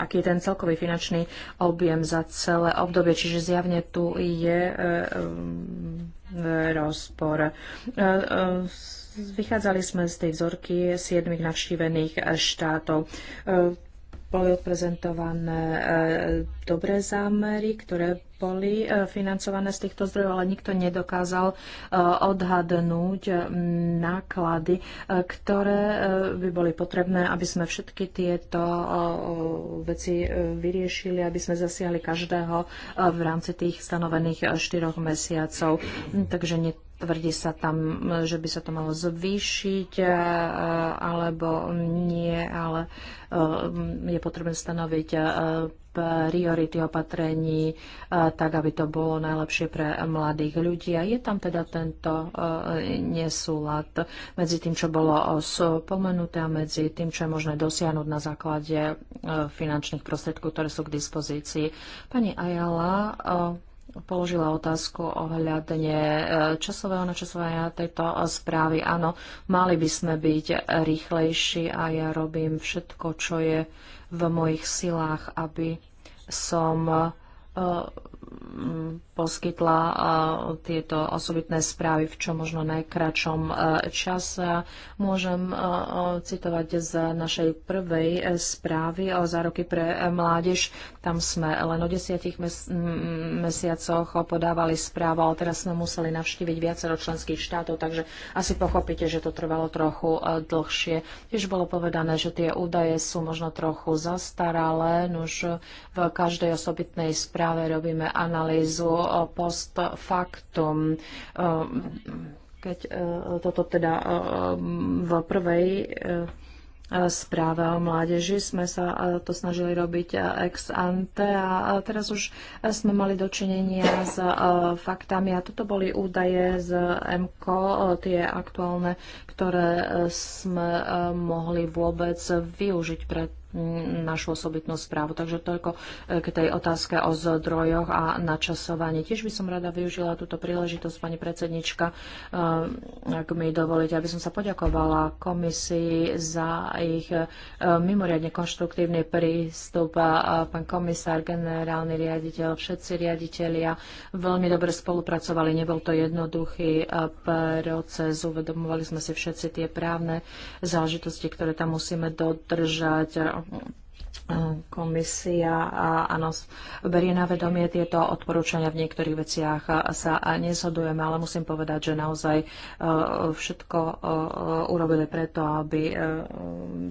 aký je ten celkový finančný objem za celé obdobie. Čiže zjavne tu je rozpor. Vychádzali sme z tej vzorky siedmých navštívených štátov. E, boli odprezentované e, dobré zámery, ktoré boli e, financované z týchto zdrojov, ale nikto nedokázal odhadnúť náklady, ktoré by boli potrebné, aby sme všetky tieto veci vyriešili, aby sme zasiahli každého v rámci tých stanovených štyroch mesiacov. Hm, takže Tvrdí sa tam, že by sa to malo zvýšiť e, e, alebo nie, ale e, je potrebné stanoviť priority opatrení, tak aby to bolo najlepšie pre mladých ľudí. A je tam teda tento nesúlad medzi tým, čo bolo spomenuté a medzi tým, čo je možné dosiahnuť na základe finančných prostriedkov, ktoré sú k dispozícii. Pani Ajala, položila otázku ohľadne eh, časového načasovania tejto eh, správy. Áno, mali by sme byť rýchlejší a ja robím všetko, čo je v mojich silách, aby som eh, poskytla tieto osobitné správy v čo možno najkračom e, čase. Môžem e, e, citovať z našej prvej správy o zároky pre mládež. Tam sme len o desiatich mesiacoch podávali správu, ale teraz sme museli navštíviť viacero členských štátov, takže asi pochopíte, že to trvalo trochu dlhšie. Tiež bolo povedané, že tie údaje sú možno trochu zastaralé, už v každej osobitnej správe robíme analýzu post factum ehm, keď e, toto teda e, v prvej e, správe o mládeži sme sa to snažili robiť ex ante a teraz už sme mali dočinenia s faktami a toto boli údaje z MKO, tie aktuálne, ktoré sme mohli vôbec využiť pre našu osobitnú správu. Takže toľko eh, k tej otázke o zdrojoch a načasovanie. Tiež by som rada využila túto príležitosť, pani predsednička, eh, ak mi dovolíte, aby som sa poďakovala komisii za ich eh, mimoriadne konštruktívny prístup. Pán komisár, generálny riaditeľ, všetci riaditeľia veľmi dobre spolupracovali. Nebol to jednoduchý proces. Uvedomovali sme si všetci tie právne záležitosti, ktoré tam musíme dodržať komisia áno, berie na vedomie tieto odporúčania. V niektorých veciach sa nezhodujeme, ale musím povedať, že naozaj e, všetko e, urobili preto, aby e,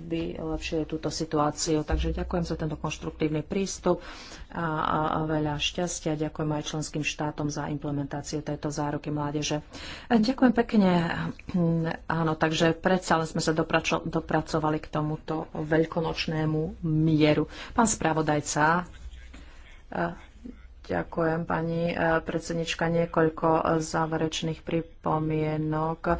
vylepšili túto situáciu. Takže ďakujem za tento konštruktívny prístup a, a veľa šťastia. Ďakujem aj členským štátom za implementáciu tejto záruky mládeže. Ďakujem pekne. Áno, takže predsa len sme sa dopračo, dopracovali k tomuto veľkonočnému mieru. Pán spravodajca, e, Ďakujem, pani e, predsednička. Niekoľko e, záverečných prípadov spomienok.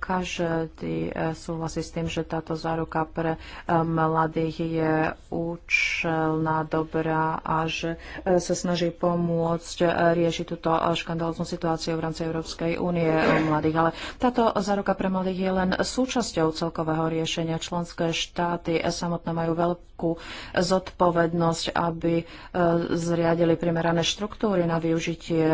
Každý eh, súhlasí s tým, že táto záruka pre eh, mladých je účelná, dobrá a že eh, sa snaží pomôcť riešiť túto škandalóznu situáciu v rámci Európskej únie mladých. Ale táto záruka pre mladých je len súčasťou celkového riešenia. Členské štáty samotné majú veľkú zodpovednosť, aby zriadili primerané štruktúry na využitie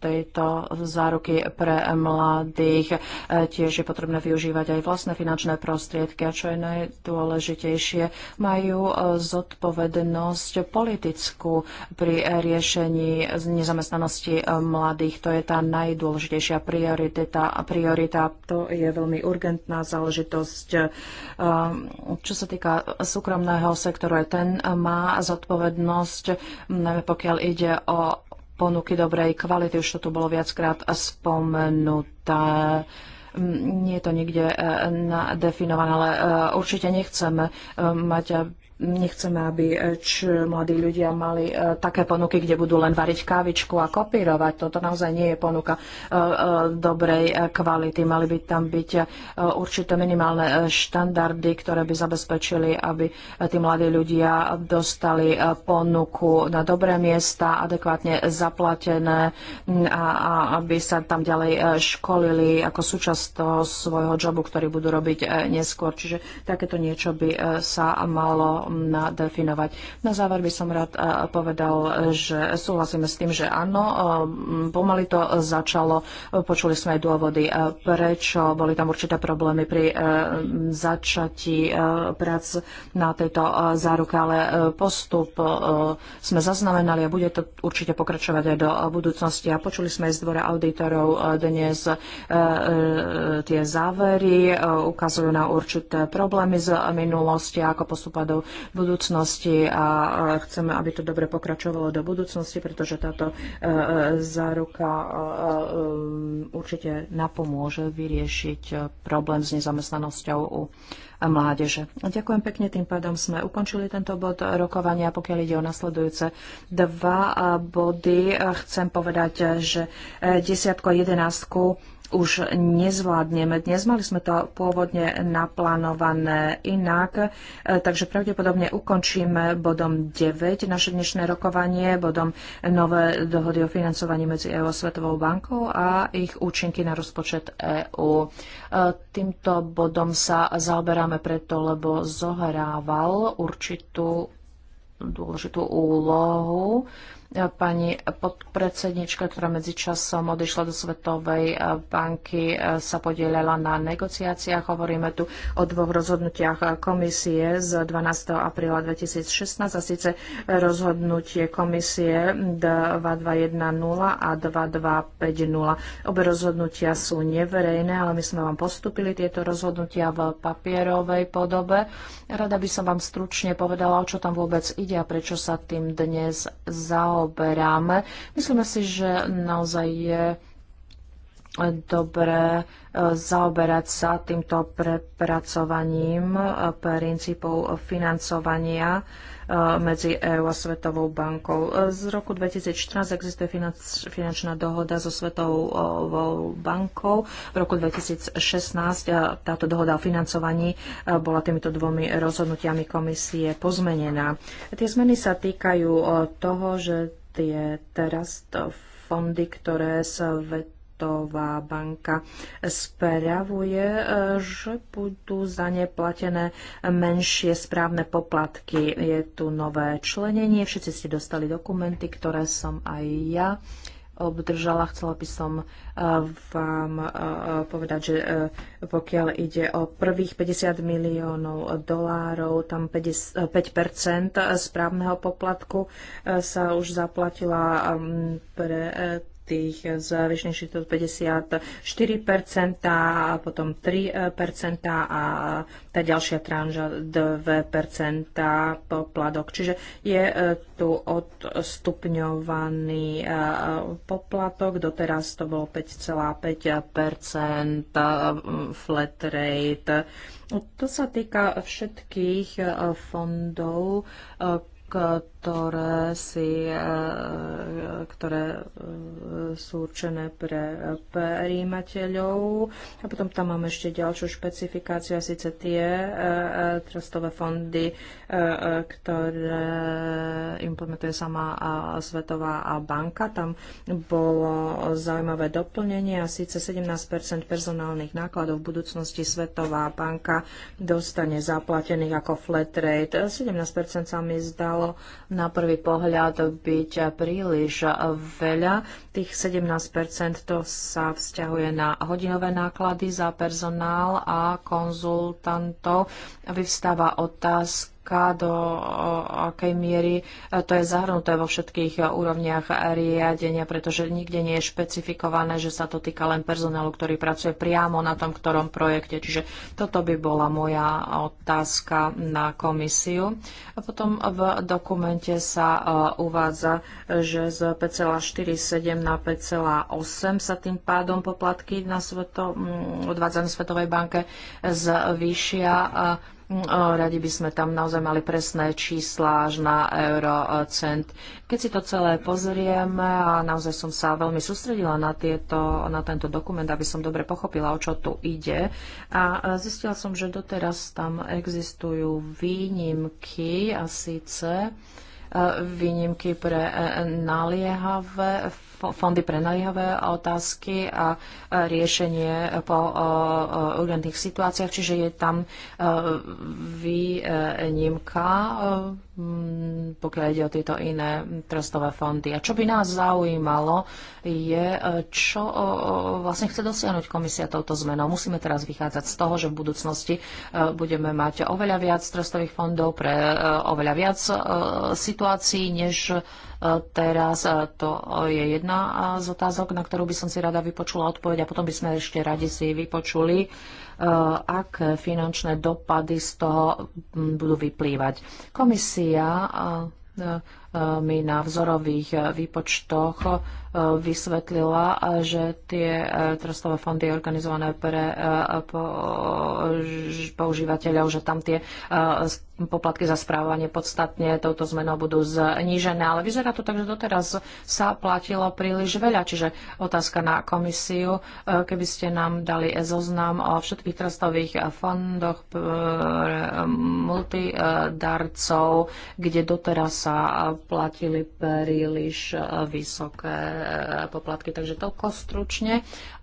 tejto záruky pre mladých. E, tiež je potrebné využívať aj vlastné finančné prostriedky a čo je najdôležitejšie, majú e, zodpovednosť politickú pri riešení nezamestnanosti e, mladých. To je tá najdôležitejšia priorita. priorita. To je veľmi urgentná záležitosť. Čo sa týka súkromného sektoru, ten má zodpovednosť, pokiaľ ide o ponuky dobrej kvality, už to tu bolo viackrát spomenuté nie je to nikde e, nadefinované, ale e, určite nechceme e, mať Nechceme, aby e, č, mladí ľudia mali e, také ponuky, kde budú len variť kávičku a kopírovať. Toto naozaj nie je ponuka e, dobrej kvality. Mali by tam byť určité minimálne štandardy, ktoré by zabezpečili, aby tí mladí ľudia dostali ponuku na dobré miesta, adekvátne zaplatené a, a aby sa tam ďalej školili ako súčasť toho svojho jobu, ktorý budú robiť neskôr. Čiže takéto niečo by sa malo nadefinovať. Na záver by som rád eh, povedal, že súhlasíme s tým, že áno, eh, pomaly to začalo. Počuli sme aj dôvody, eh, prečo boli tam určité problémy pri začatí prác na tejto záruke, ale postup sme zaznamenali a bude to určite pokračovať aj do budúcnosti. A počuli sme aj z dvora auditorov dnes tie závery, ukazujú na určité problémy z minulosti, ako postupadov. do budúcnosti a chceme, aby to dobre pokračovalo do budúcnosti, pretože táto e, e, záruka e, určite napomôže vyriešiť problém s nezamestnanosťou u mládeže. Ďakujem pekne, tým pádom sme ukončili tento bod rokovania. Pokiaľ ide o nasledujúce dva body, chcem povedať, že desiatko, jedenáctku už nezvládneme. Dnes mali sme to pôvodne naplánované inak, e, takže pravdepodobne ukončíme bodom 9 naše dnešné rokovanie, bodom nové dohody o financovaní medzi EU a Svetovou bankou a ich účinky na rozpočet EU. E, týmto bodom sa zaoberáme preto, lebo zohrával určitú dôležitú úlohu pani podpredsednička, ktorá medzičasom odišla do Svetovej eh, banky, eh, sa podielala na negociáciách. Hovoríme tu o dvoch rozhodnutiach komisie z 12. apríla 2016 a síce rozhodnutie komisie 2210 a 2250. Obe rozhodnutia sú neverejné, ale my sme vám postupili tieto rozhodnutia v papierovej podobe. Rada by som vám stručne povedala, o čo tam vôbec ide a prečo sa tým dnes zaoberáme zaoberáme. Myslíme si, že naozaj je dobre zaoberať sa týmto prepracovaním e, princípov financovania medzi EÚ a Svetovou bankou. E, z roku 2014 existuje finančná dohoda so Svetovou bankou. V roku 2016 táto dohoda o financovaní e, bola týmito dvomi rozhodnutiami komisie pozmenená. Tie zmeny sa týkajú e, toho, že tie teraz fondy, ktoré Svet Svetová banka spravuje, e, že budú za ne platené menšie správne poplatky. Je tu nové členenie, všetci ste dostali dokumenty, ktoré som aj ja obdržala. Chcela by som e, vám e, povedať, že pokiaľ ide o prvých 50 miliónov dolárov, tam 50, 5 správneho poplatku sa už zaplatila pre tých zvyšných 54% a potom 3% a tá ďalšia tranža 2% poplatok. Čiže je e, tu odstupňovaný e, poplatok, doteraz to bolo 5,5% e, flat rate. To sa týka všetkých fondov, ktoré ktoré, si, eh, ktoré eh, sú určené pre príjimateľov. A potom tam máme ešte ďalšiu špecifikáciu, a síce tie eh, trustové fondy, ktoré implementuje sama Svetová banka. Tam bolo zaujímavé doplnenie a síce 17 personálnych nákladov v budúcnosti Svetová banka dostane zaplatených ako flat rate. 17 sa mi zdalo na prvý pohľad byť príliš veľa. Tých 17 to sa vzťahuje na hodinové náklady za personál a konzultantov. Vyvstáva otázka, do akej miery e, to je zahrnuté vo všetkých e, úrovniach riadenia, pretože nikde nie je špecifikované, že sa to týka len personálu, ktorý pracuje priamo na tom ktorom projekte. Čiže toto by bola moja otázka na komisiu. A potom v dokumente sa e, uvádza, že z 5,47 na 5,8 sa tým pádom poplatky na sveto, odvádzané Svetovej banke zvýšia. Radi by sme tam naozaj mali presné čísla až na eurocent. Keď si to celé pozrieme a naozaj som sa veľmi sústredila na, tieto, na tento dokument, aby som dobre pochopila, o čo tu ide. A zistila som, že doteraz tam existujú výnimky a síce e, výnimky pre e, naliehavé fondy pre naliehavé otázky a riešenie po urgentných situáciách, čiže je tam e, výnimka e, Mm, pokiaľ ide o tieto iné trestové fondy. A čo by nás zaujímalo, je, čo vlastne chce dosiahnuť komisia touto zmenou. Musíme teraz vychádzať z toho, že v budúcnosti e, budeme mať oveľa viac trestových fondov pre e, oveľa viac e, situácií, než teraz. To je jedna z otázok, na ktorú by som si rada vypočula odpoveď a potom by sme ešte radi si vypočuli, ak finančné dopady z toho budú vyplývať. Komisia a mi na vzorových eh, výpočtoch eh, vysvetlila, že tie eh, trustové fondy organizované pre používateľov, že tam tie poplatky za správanie podstatne touto zmenou budú znížené. Ale vyzerá to tak, že doteraz sa platilo príliš veľa. Čiže otázka na komisiu, keby ste nám dali zoznam o všetkých trustových fondoch multidarcov, kde doteraz sa platili príliš e, vysoké e, poplatky. Takže toľko stručne.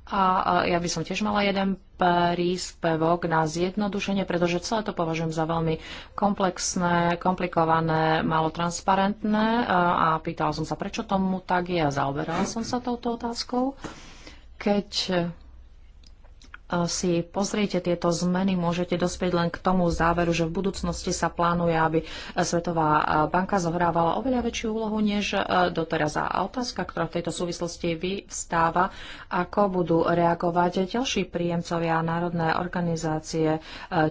A ja by som tiež mala jeden príspevok na zjednodušenie, pretože celé to považujem za veľmi komplexné, komplikované, málo transparentné e, a pýtala som sa, prečo tomu tak je a zaoberala som sa touto otázkou. Keď Eh, si pozriete tieto zmeny, môžete dospieť len k tomu záveru, že v budúcnosti sa plánuje, aby eh, Svetová eh, banka zohrávala oveľa väčšiu úlohu než doteraz. A otázka, ktorá v tejto súvislosti vyvstáva, ako budú reagovať ďalší príjemcovia národné organizácie,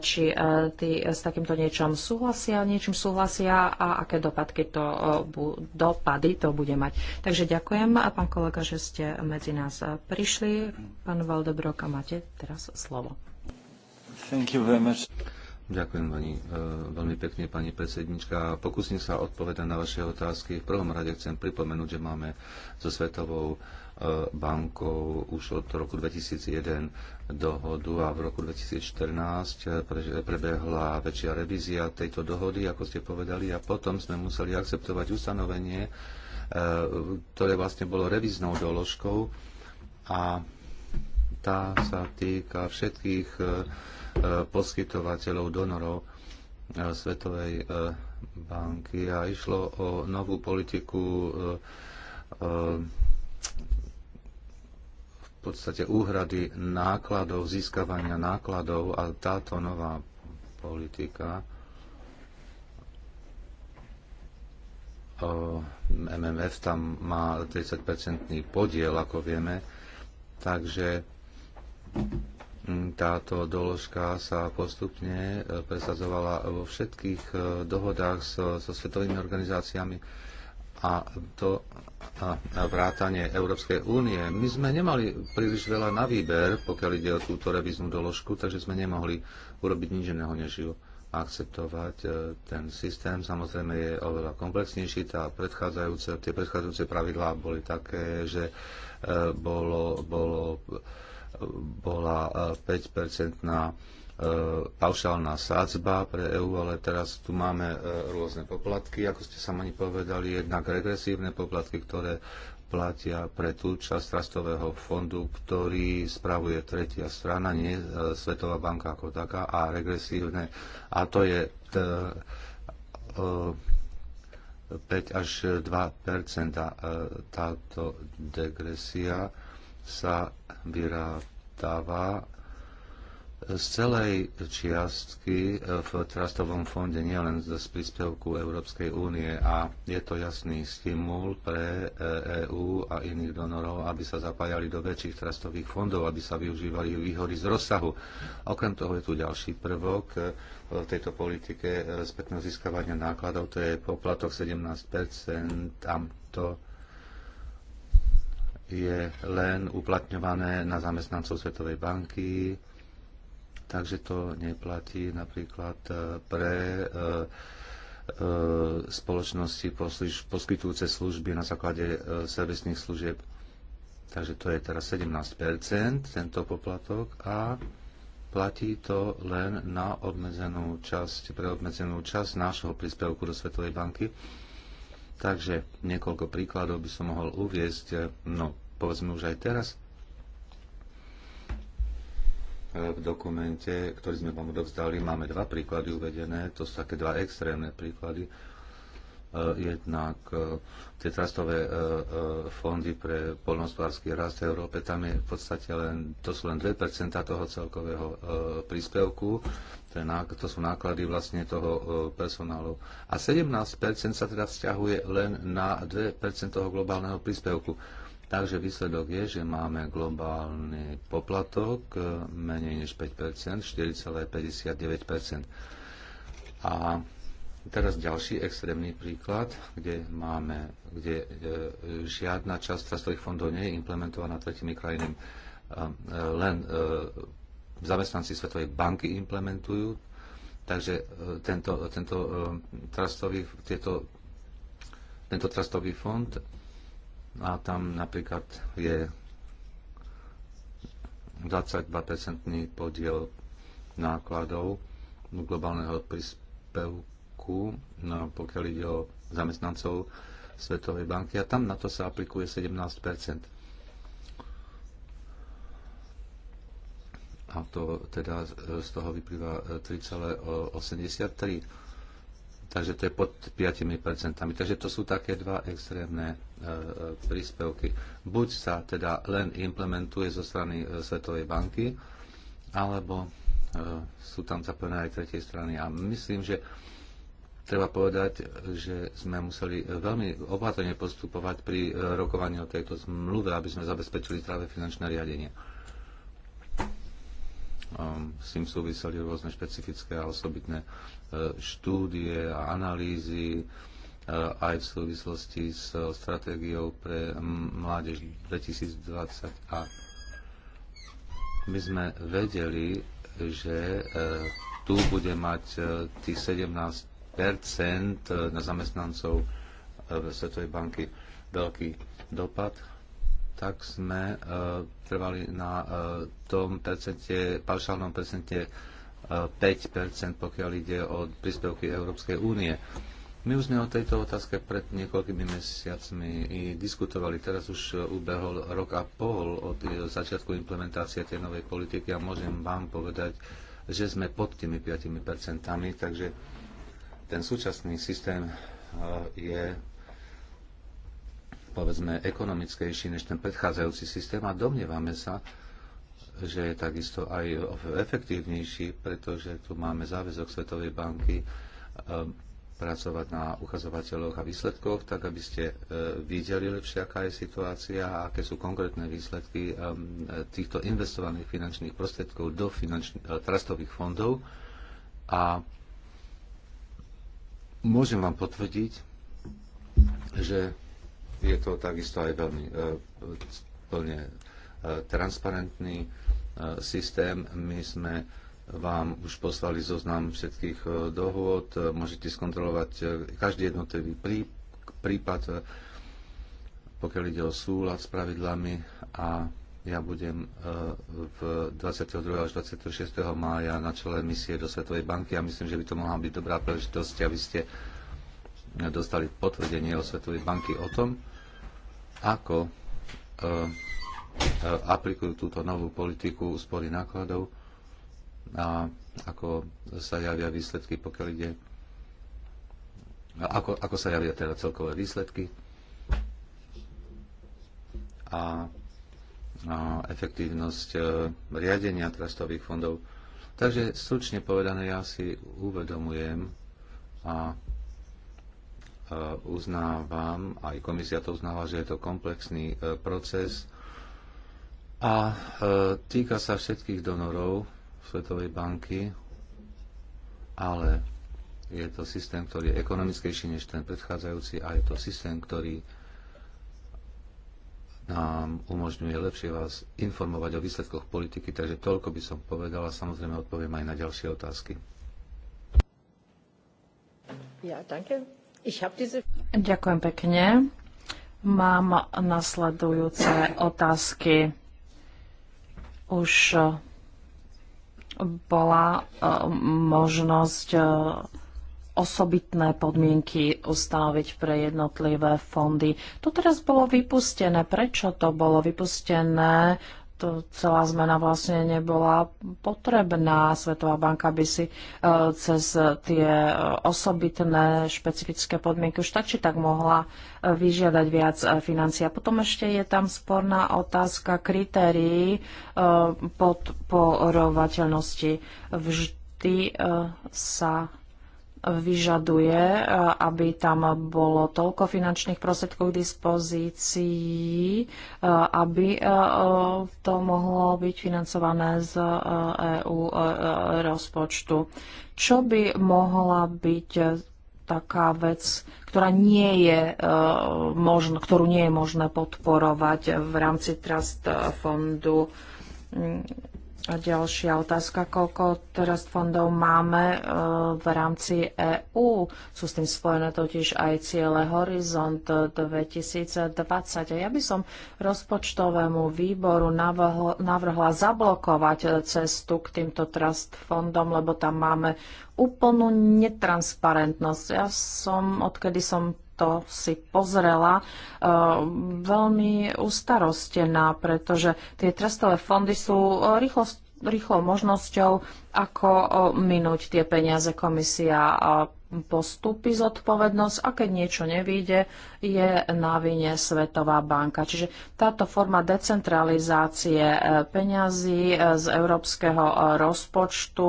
či tí s takýmto niečom súhlasia, niečím súhlasia a aké dopadky to, dopady to bude mať. Takže ďakujem, pán kolega, že ste medzi nás prišli. Pán Valdebroka, máte teraz slovo. Thank you very much. Ďakujem pani, e, veľmi pekne, pani predsednička. Pokúsim sa odpovedať na vaše otázky. V prvom rade chcem pripomenúť, že máme so Svetovou e, bankou už od roku 2001 dohodu a v roku 2014 e, prebehla väčšia revízia tejto dohody, ako ste povedali, a potom sme museli akceptovať ustanovenie, ktoré vlastne bolo revíznou doložkou a tá sa týka všetkých e, e, poskytovateľov, donorov e, Svetovej banky a išlo o novú politiku v podstate úhrady nákladov, získavania nákladov a táto nová politika MMF tam má 30-percentný podiel, ako vieme, takže Mm, táto doložka sa postupne eh, presadzovala vo všetkých eh, dohodách so, so svetovými organizáciami a to a, vrátanie Európskej únie. My sme nemali príliš veľa na výber, pokiaľ ide o túto revíznu doložku, takže sme nemohli urobiť nič iného, než ju akceptovať. Eh, ten systém samozrejme je oveľa komplexnejší. Tá predchádzajúce, tie predchádzajúce pravidlá boli také, že bolo, bolo bola 5-percentná e, e, paušálna sádzba pre EÚ, ale teraz tu máme e, rôzne poplatky, ako ste sa ani povedali, jednak regresívne poplatky, ktoré platia pre tú časť rastového fondu, ktorý spravuje tretia strana, nie Svetová banka ako taká, a regresívne. A to je 5 až 2 táto degresia sa vyrátava z celej čiastky v Trastovom fonde, nielen z príspevku Európskej únie a je to jasný stimul pre EÚ eh, e a iných donorov, aby sa zapájali do väčších trastových fondov, aby sa využívali výhody z rozsahu. Okrem toho je tu ďalší prvok eh, v tejto politike eh, spätného získavania nákladov, to je poplatok 17% tam to je len uplatňované na zamestnancov Svetovej banky, takže to neplatí napríklad e, pre e, e, spoločnosti poskytujúce služby na základe servisných služieb. Takže to je teraz 17 tento poplatok a platí to len na obmedzenú časť, pre obmedzenú časť nášho príspevku do Svetovej banky. Takže niekoľko príkladov by som mohol uviezť, eh, no povedzme už aj teraz. Eh, v dokumente, ktorý sme vám odovzdali, máme dva príklady uvedené, to sú také dva extrémne príklady. Eh, jednak tie trastové fondy pre polnospodársky rast v Európe, tam je v podstate len, to sú len 2% toho celkového príspevku to sú náklady vlastne toho e, personálu. A 17% sa teda vzťahuje len na 2% toho globálneho príspevku. Takže výsledok je, že máme globálny poplatok e, menej než 5%, 4,59%. A teraz ďalší extrémny príklad, kde máme, kde e, žiadna časť trastových fondov nie je implementovaná tretimi krajinami len zamestnanci Svetovej banky implementujú. Takže e, tento, tento, e, trustový, tieto, tento trustový fond a tam napríklad je 22-percentný podiel nákladov globálneho príspevku, no, pokiaľ ide o zamestnancov Svetovej banky a tam na to sa aplikuje 17 a to teda z toho vyplýva 3,83. E, Takže to je pod 5%. Takže to sú také dva extrémne e, e, príspevky. Buď sa teda len implementuje zo strany Svetovej banky, alebo sú tam zapojené aj tretej strany. A myslím, že treba povedať, že sme museli veľmi opatrne postupovať pri rokovaní o tejto zmluve, aby sme zabezpečili práve finančné riadenie. Um, s tým súviseli rôzne špecifické a osobitné uh, štúdie a analýzy uh, aj v súvislosti s uh, stratégiou pre um, mládež 2020 a my sme vedeli, že tu bude mať tých 17 na zamestnancov Svetovej banky veľký dopad tak sme e, trvali na e, tom percente, paušálnom percente 5%, e, pokiaľ ide o príspevky Európskej únie. My už sme o tejto otázke pred niekoľkými mesiacmi i diskutovali. Teraz už ubehol rok a pol od začiatku implementácie tej novej politiky a môžem vám povedať, že sme pod tými 5%, takže ten súčasný systém je povedzme, ekonomickejší než ten predchádzajúci systém a domnievame sa, že je takisto aj efektívnejší, pretože tu máme záväzok Svetovej banky e, pracovať na ukazovateľoch a výsledkoch, tak aby ste e, videli lepšie, aká je situácia a aké sú konkrétne výsledky e, týchto investovaných finančných prostriedkov do finančn- trastových fondov. A môžem vám potvrdiť, že je to takisto aj veľmi e, plne e, transparentný e, systém. My sme vám už poslali zoznam všetkých dohôd, môžete skontrolovať každý jednotlivý prípad, pokiaľ ide o súlad s pravidlami a ja budem v 22. až 26. mája na čele misie do Svetovej banky a myslím, že by to mohla byť dobrá príležitosť, aby ste dostali potvrdenie od Svetovej banky o tom, ako e, e, aplikujú túto novú politiku úspory nákladov a ako sa javia výsledky, pokiaľ ide ako, ako sa javia teda celkové výsledky a, a efektívnosť e, riadenia trastových fondov. Takže stručne povedané, ja si uvedomujem a Eh, uznávam, aj komisia to uznáva, že je to komplexný eh, proces a eh, týka sa všetkých donorov Svetovej banky, ale je to systém, ktorý je ekonomickejší než ten predchádzajúci a je to systém, ktorý nám umožňuje lepšie vás informovať o výsledkoch politiky, takže toľko by som povedala. Samozrejme odpoviem aj na ďalšie otázky. Ja, danke. Ďakujem pekne. Mám nasledujúce otázky. Už e, bola e, možnosť e, osobitné podmienky ustanoviť pre jednotlivé fondy. To teraz bolo vypustené. Prečo to bolo vypustené? to celá zmena vlastne nebola potrebná. Svetová banka by si e, cez tie e, osobitné špecifické podmienky už tak či tak mohla e, vyžiadať viac financií. A potom ešte je tam sporná otázka kritérií podporovateľnosti. Vždy sa vyžaduje, e, aby tam bolo toľko finančných prostriedkov k dispozícii, e, aby e, to mohlo byť financované z EU rozpočtu. Čo by mohla byť taká vec, ktorá nie je, možno, ktorú nie je možné podporovať v rámci Trust fondu mm, a ďalšia otázka, koľko teraz fondov máme e, v rámci EÚ? Sú s tým spojené totiž aj ciele Horizont 2020. A ja by som rozpočtovému výboru navrhla zablokovať cestu k týmto trust fondom, lebo tam máme úplnú netransparentnosť. Ja som, odkedy som to si pozrela, eh, veľmi ustarostená, pretože tie trestové fondy sú eh, rýchlo rýchlou možnosťou, ako eh, minúť tie peniaze komisia postupy zodpovednosť a keď niečo nevíde, je na vine Svetová banka. Čiže táto forma decentralizácie e, peňazí e, z európskeho e, rozpočtu,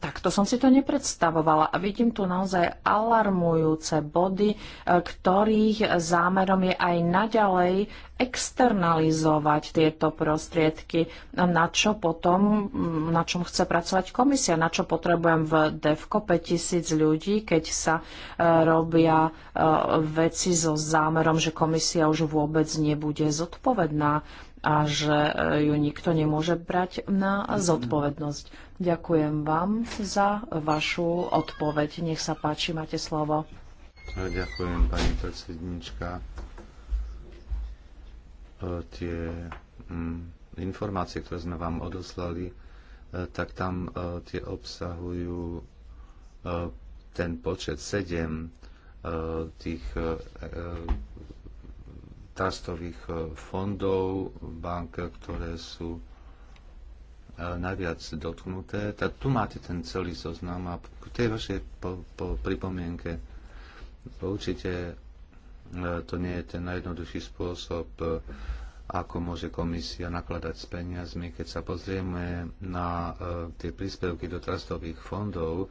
takto som si to nepredstavovala. A vidím tu naozaj alarmujúce body, ktorých zámerom je aj naďalej externalizovať tieto prostriedky, na čo potom, mm, na čom chce pracovať komisia, na čo potrebujem v DEVKO 5000 ľudí, keď sa e, robia e, veci so zámerom, že komisia už vôbec nebude zodpovedná a že e, ju nikto nemôže brať na zodpovednosť. Ďakujem vám za vašu odpoveď. Nech sa páči, máte slovo. Ďakujem, pani predsednička tie mm, informácie, ktoré sme vám odoslali, e, tak tam e, tie obsahujú e, ten počet 7 tých trastových fondov, bank, ktoré sú najviac dotknuté. Tak tu máte ten celý zoznam a k tej vašej po, po pripomienke určite E, to nie je ten najjednoduchší spôsob, e, ako môže komisia nakladať s peniazmi. Keď sa pozrieme na e, tie príspevky do trastových fondov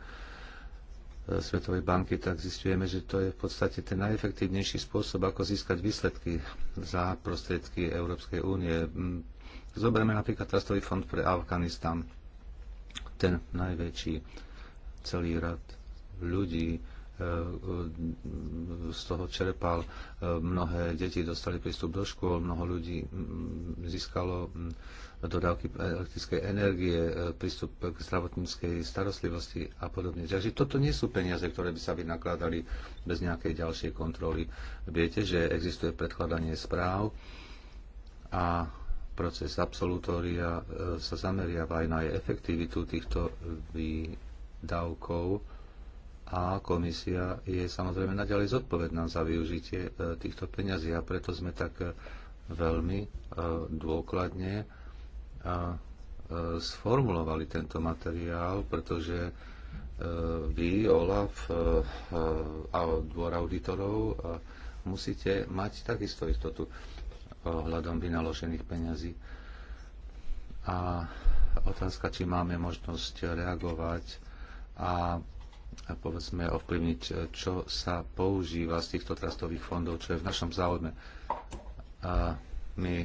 Svetovej banky, tak zistujeme, že to je v podstate ten najefektívnejší spôsob, ako získať výsledky za prostriedky Európskej únie. Mm, Zoberieme napríklad trastový fond pre Afganistan, ten najväčší celý rad ľudí, E, e, z toho čerpal. E, mnohé deti dostali prístup do škôl, mnoho ľudí získalo dodávky elektrickej energie, prístup k zdravotníckej starostlivosti a podobne. Takže toto nie sú peniaze, ktoré by sa vynakladali bez nejakej ďalšej kontroly. Viete, že existuje predkladanie správ a proces absolutória sa zameriava aj na efektivitu týchto výdavkov a komisia je samozrejme naďalej zodpovedná za využitie e, týchto peňazí a preto sme tak e, veľmi e, dôkladne sformulovali tento materiál, pretože vy, Olaf a dvor auditorov musíte mať takisto istotu ohľadom vynaložených peňazí. A otázka, či máme možnosť reagovať a a povedzme ovplyvniť, eh, čo sa používa z týchto trastových fondov, čo je v našom záujme. A my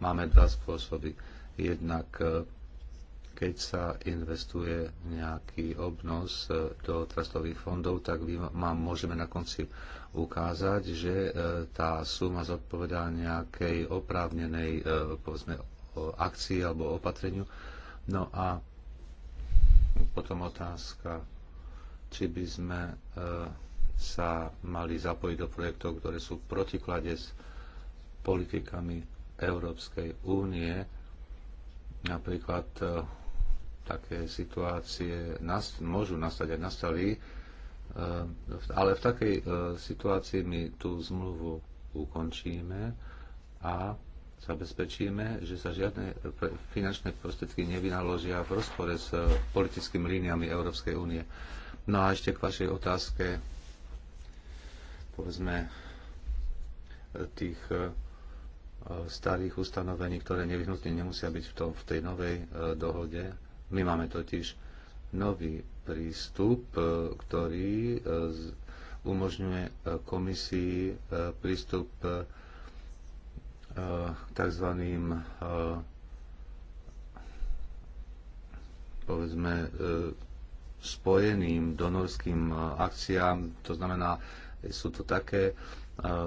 máme dva spôsoby. Jednak eh, keď sa investuje nejaký obnos eh, do trastových fondov, tak vám môžeme na konci ukázať, že tá suma zodpovedá nejakej oprávnenej povedzme, akcii alebo opatreniu. No a potom otázka či by sme e, sa mali zapojiť do projektov, ktoré sú v protiklade s politikami Európskej únie, napríklad e, také situácie môžu nastať aj nastali, e, ale v takej situácii my tú zmluvu ukončíme a zabezpečíme, že sa žiadne finančné prostriedky nevynaložia v rozpore s politickými líniami Európskej únie. No a ešte k vašej otázke, povedzme, tých eh, starých ustanovení, ktoré nevyhnutne nemusia byť v, tom, v tej novej eh, dohode. My máme totiž nový prístup, eh, ktorý umožňuje komisii prístup k tzv. povedzme spojeným donorským e, akciám. To znamená, sú to také e,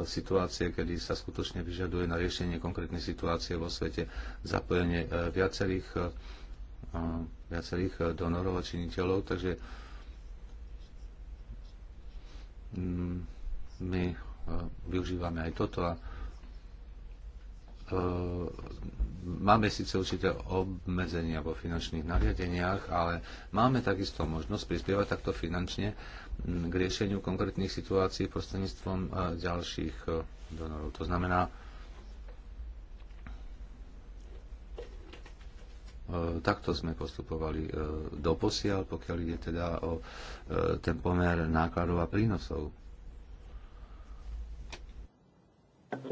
situácie, kedy sa skutočne vyžaduje na riešenie konkrétnej situácie vo svete zapojenie e, viacerých, viacerých donorov a činiteľov. Takže mm, my využívame aj toto a Ehm, máme síce určité obmedzenia vo finančných nariadeniach, ale máme takisto možnosť prispievať takto finančne hm, k riešeniu konkrétnych situácií prostredníctvom eh, ďalších eh, donorov. To znamená, eh, takto sme postupovali doposiaľ, pokiaľ ide teda o ten pomer nákladov a prínosov.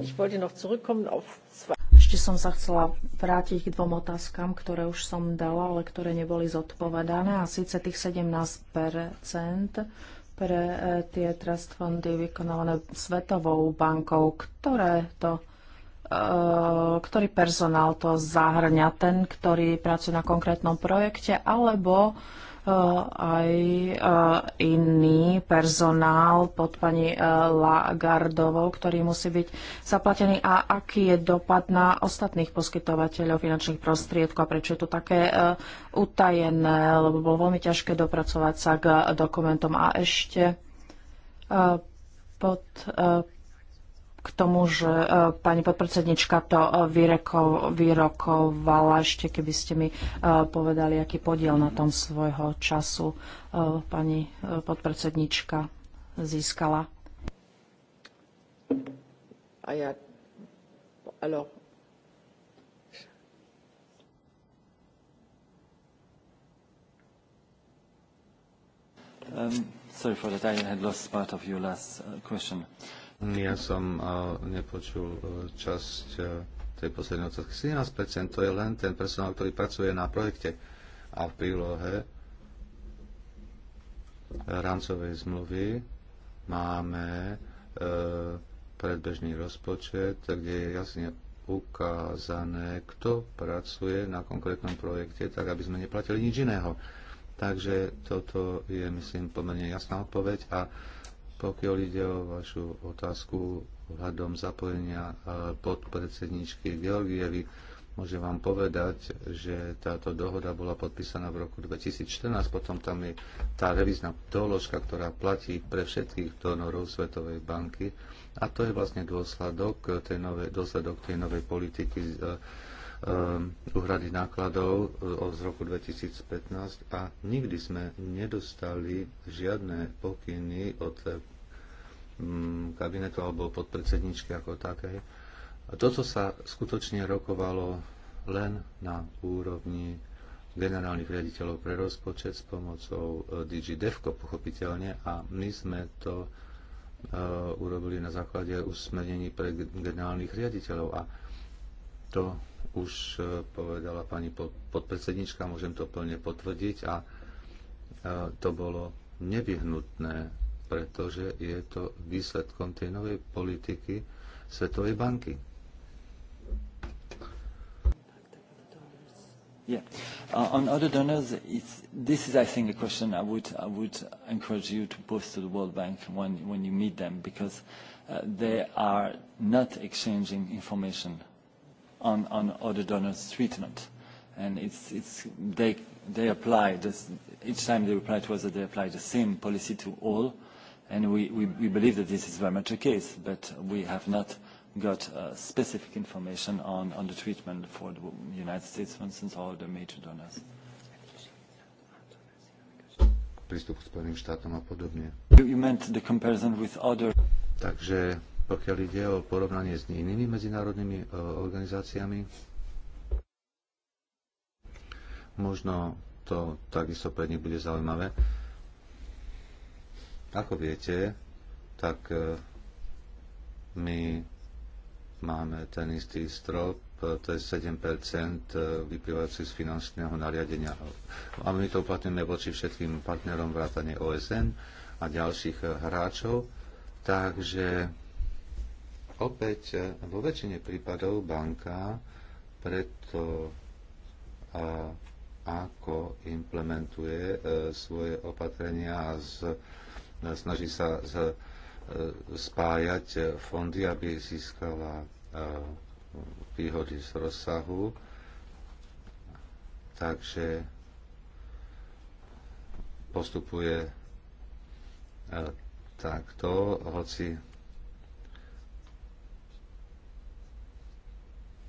Ešte som sa chcela vrátiť k dvom otázkam, ktoré už som dala, ale ktoré neboli zodpovedané. A síce tých 17 pre e, tie trust fondy vykonávané Svetovou bankou, ktoré to e, ktorý personál to zahrňa, ten, ktorý pracuje na konkrétnom projekte, alebo Eh, aj eh, iný personál pod pani eh, Lagardovou, ktorý musí byť zaplatený a aký je dopad na ostatných poskytovateľov finančných prostriedkov a prečo je to také utajené, lebo bolo veľmi ťažké dopracovať sa k dokumentom a ešte pod k tomu, že e, pani podpredsednička to e, vyreko, vyrokovala, ešte keby ste mi e, povedali, aký podiel na tom svojho času pani podpredsednička získala. A ja, Alo. Um, sorry for that. I had lost part of your last uh, question. Uh, ja som eh, nepočul eh, časť eh, tej poslednej otázky. 17% to je len ten personál, ktorý pracuje na projekte a v prílohe rámcovej zmluvy máme predbežný rozpočet, kde je jasne ukázané, kto pracuje na konkrétnom projekte, tak aby sme neplatili nič iného. Takže toto je, myslím, pomerne jasná odpoveď a pokiaľ ide o vašu otázku hľadom zapojenia eh, podpredsedničky Georgievy, môžem vám povedať, že táto dohoda bola podpísaná v roku 2014, potom tam je tá revizná doložka, ktorá platí pre všetkých donorov Svetovej banky a to je vlastne dôsledok tej novej, dôsledok tej novej politiky z, eh, eh, nákladov z roku 2015 a nikdy sme nedostali žiadne pokyny od Mm, kabinetu alebo podpredsedničky ako takej. A toto sa skutočne rokovalo len na úrovni generálnych riaditeľov pre rozpočet s pomocou e, DG DEFCO, pochopiteľne, a my sme to e, urobili na základe usmernení pre generálnych riaditeľov. A to už e, povedala pani podpredsednička, môžem to plne potvrdiť a to bolo nevyhnutné pretože je to výsledkom tej novej politiky Svetovej banky. Yeah. Uh, on other donors, it's, this is, I think, a question I would, I would encourage you to post to the World Bank when, when you meet them, because uh, they are not exchanging information on, on other donors' treatment. And it's, it's, they, they apply, this, each time they reply to us, they apply the same policy to all, and we, we, we believe that this is very much the case, but we have not got uh, specific information on, on the treatment for the United States, for instance, or the major donors. Prístup k Spojeným štátom a podobne. You, you meant the comparison with other... Takže pokiaľ ide o porovnanie s inými medzinárodnými uh, organizáciami, možno to takisto pre nich bude zaujímavé. Ako viete, tak e, my máme ten istý strop, e, to je 7 e, vyplývajúci z finančného nariadenia. A my to uplatňujeme voči všetkým partnerom vrátane OSN a ďalších hráčov. Takže opäť vo väčšine prípadov banka preto ako implementuje svoje opatrenia z snaží sa e, spájať e, fondy, aby získala e, výhody z rozsahu. Takže postupuje takto, hoci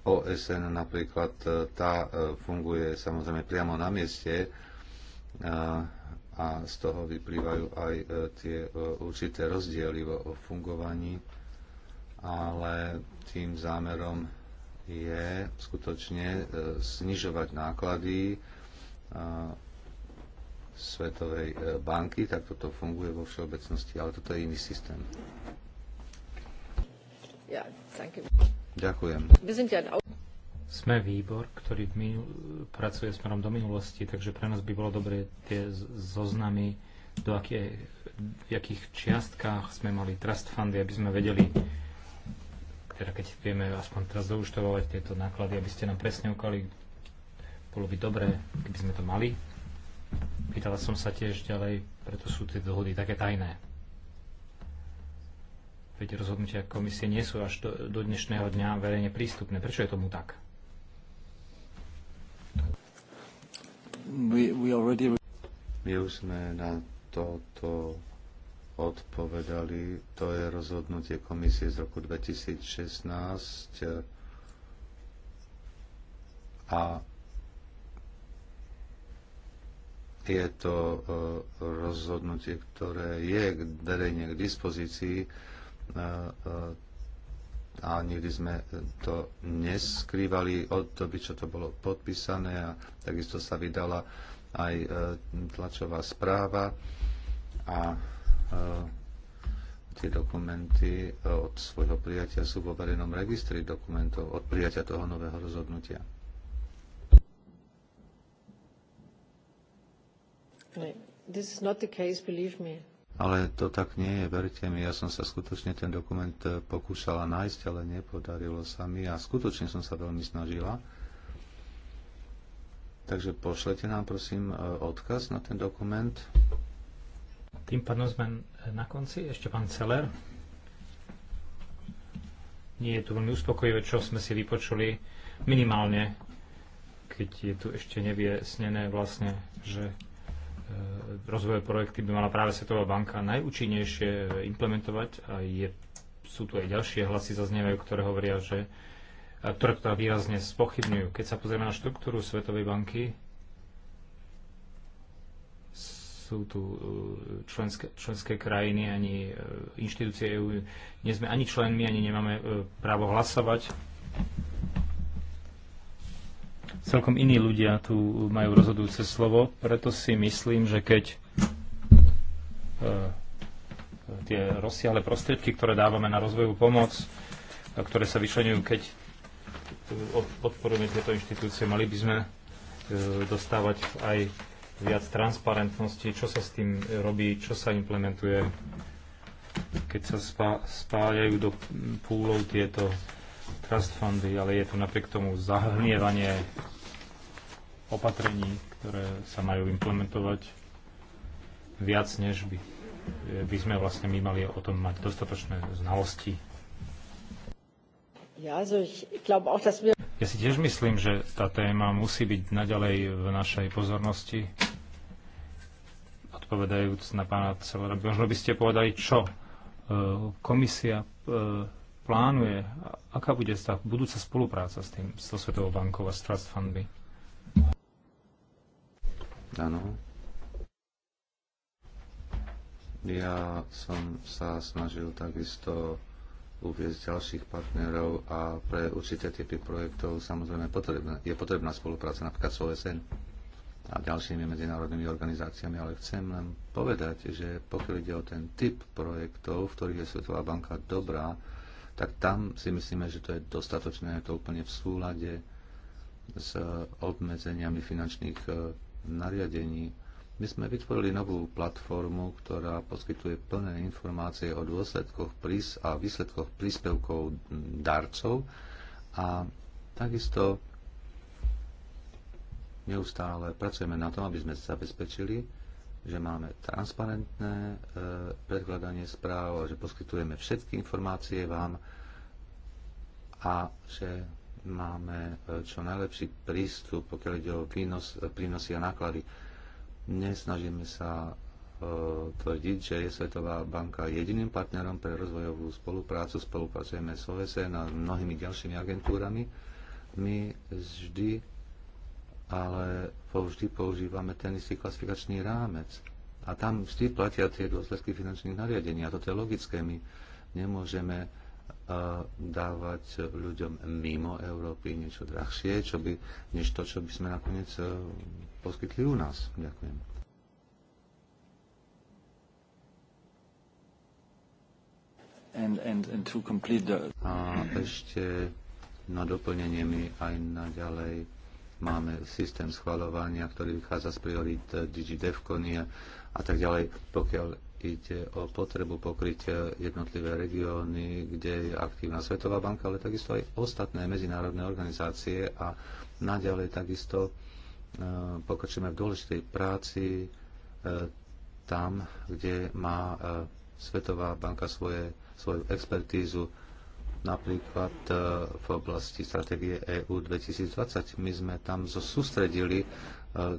OSN napríklad tá funguje samozrejme priamo na mieste, a z toho vyplývajú aj e, tie e, určité rozdiely vo fungovaní, ale tým zámerom je skutočne e, znižovať náklady Svetovej banky, tak toto funguje vo všeobecnosti, ale toto je iný systém. Ja, Ďakujem. Sme výbor, ktorý pracuje smerom do minulosti, takže pre nás by bolo dobre tie zoznamy, do aké, v akých čiastkách sme mali trust fundy, aby sme vedeli, teda keď vieme aspoň teraz zauštovovať tieto náklady, aby ste nám presne ukali, bolo by dobré, keby sme to mali. Pýtala som sa tiež ďalej, preto sú tie dohody také tajné. Veď rozhodnutia komisie nie sú až do, do dnešného dňa verejne prístupné. Prečo je tomu tak? My už sme na toto odpovedali. To je rozhodnutie komisie z roku 2016 a je to e, rozhodnutie, ktoré je verejne k dispozícii e, e, a nikdy sme to neskrývali od doby, čo to bolo podpísané a takisto sa vydala aj e, tlačová správa a e, tie dokumenty e, od svojho prijatia sú vo verejnom registri dokumentov od prijatia toho nového rozhodnutia. This is not the case, believe me. Ale to tak nie je, verte mi, ja som sa skutočne ten dokument e, pokúšala nájsť, ale nepodarilo sa mi a skutočne som sa veľmi snažila. Takže pošlete nám prosím e, odkaz na ten dokument. Tým pádom sme na konci. Ešte pán Celer. Nie je to veľmi uspokojivé, čo sme si vypočuli minimálne, keď je tu ešte nevyjasnené vlastne, že E, rozvojové projekty by mala práve Svetová banka najúčinnejšie implementovať a je, sú tu aj ďalšie hlasy zaznievajú, ktoré hovoria, že ktoré to teda výrazne spochybňujú. Keď sa pozrieme na štruktúru Svetovej banky, sú tu e, členské, členské krajiny, ani e, inštitúcie EÚ. Nie sme ani členmi, ani nemáme právo hlasovať celkom iní ľudia tu majú rozhodujúce slovo, preto si myslím, že keď e, tie rozsiahle prostriedky, ktoré dávame na rozvojovú pomoc, a ktoré sa vyšlenujú, keď podporujeme tieto inštitúcie, mali by sme e, dostávať aj viac transparentnosti, čo sa s tým robí, čo sa implementuje, keď sa spájajú do púlov tieto trust fondy, ale je tu napriek tomu zahnievanie opatrení, ktoré sa majú implementovať viac, než by, by sme vlastne my mali o tom mať dostatočné znalosti. Ja si tiež myslím, že tá téma musí byť naďalej v našej pozornosti. Odpovedajúc na pána Celera, možno by ste povedali, čo e, komisia e, plánuje, aká bude tá budúca spolupráca s tým, so Svetovou bankou a s Trust Fundby? Áno. Ja som sa snažil takisto uviezť ďalších partnerov a pre určité typy projektov samozrejme potrebná, je potrebná spolupráca napríklad s OSN a ďalšími medzinárodnými organizáciami, ale chcem len povedať, že pokiaľ ide o ten typ projektov, v ktorých je Svetová banka dobrá, tak tam si myslíme, že to je dostatočné, je to úplne v súlade s obmedzeniami finančných e, nariadení. My sme vytvorili novú platformu, ktorá poskytuje plné informácie o dôsledkoch prís a výsledkoch príspevkov darcov a takisto neustále pracujeme na tom, aby sme zabezpečili, že máme transparentné e, predkladanie správ, že poskytujeme všetky informácie vám a že máme e, čo najlepší prístup, pokiaľ ide o výnos, e, prínosy a náklady. Nesnažíme sa tvrdiť, že je Svetová banka jediným partnerom pre rozvojovú spoluprácu. Spolupracujeme s OSN a mnohými ďalšími agentúrami. My vždy ale vždy používame ten istý klasifikačný rámec. A tam vždy platia tie dôsledky finančných nariadení. A toto je logické. My nemôžeme e, dávať ľuďom mimo Európy niečo drahšie, čo by, než to, čo by sme nakoniec e, poskytli u nás. Ďakujem. And, and, and to complete the... A ešte na doplnenie mi aj naďalej máme systém schvaľovania, ktorý vychádza z priorit eh, DigiDevconia a tak ďalej, pokiaľ ide o potrebu pokryť eh, jednotlivé regióny, kde je aktívna Svetová banka, ale takisto aj ostatné medzinárodné organizácie a naďalej takisto eh, pokračujeme v dôležitej práci tam, kde má Svetová banka svoje, svoju expertízu Napríklad e, v oblasti stratégie EU 2020 my sme tam sústredili e,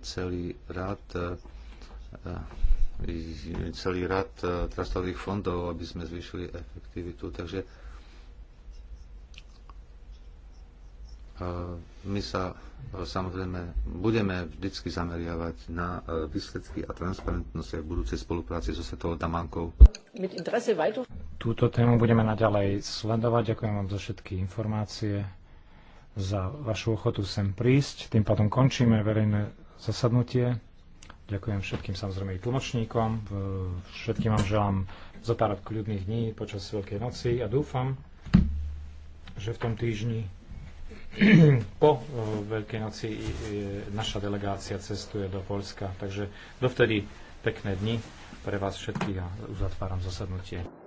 celý rad e, celý rad trastových fondov, aby sme zvýšili efektivitu. Takže E, my sa e, samozrejme budeme vždy zameriavať na e, výsledky a transparentnosť aj v budúcej spolupráci so Svetovou Tamankou. Túto tému budeme naďalej sledovať. Ďakujem vám za všetky informácie, za vašu ochotu sem prísť. Tým potom končíme verejné zasadnutie. Ďakujem všetkým samozrejme i tlmočníkom. Všetkým vám želám zotárať kľudných dní počas Veľkej noci a dúfam, že v tom týždni po eh, Veľkej noci naša delegácia cestuje do Polska, takže dovtedy pekné dni pre vás všetkých a uzatváram zasadnutie.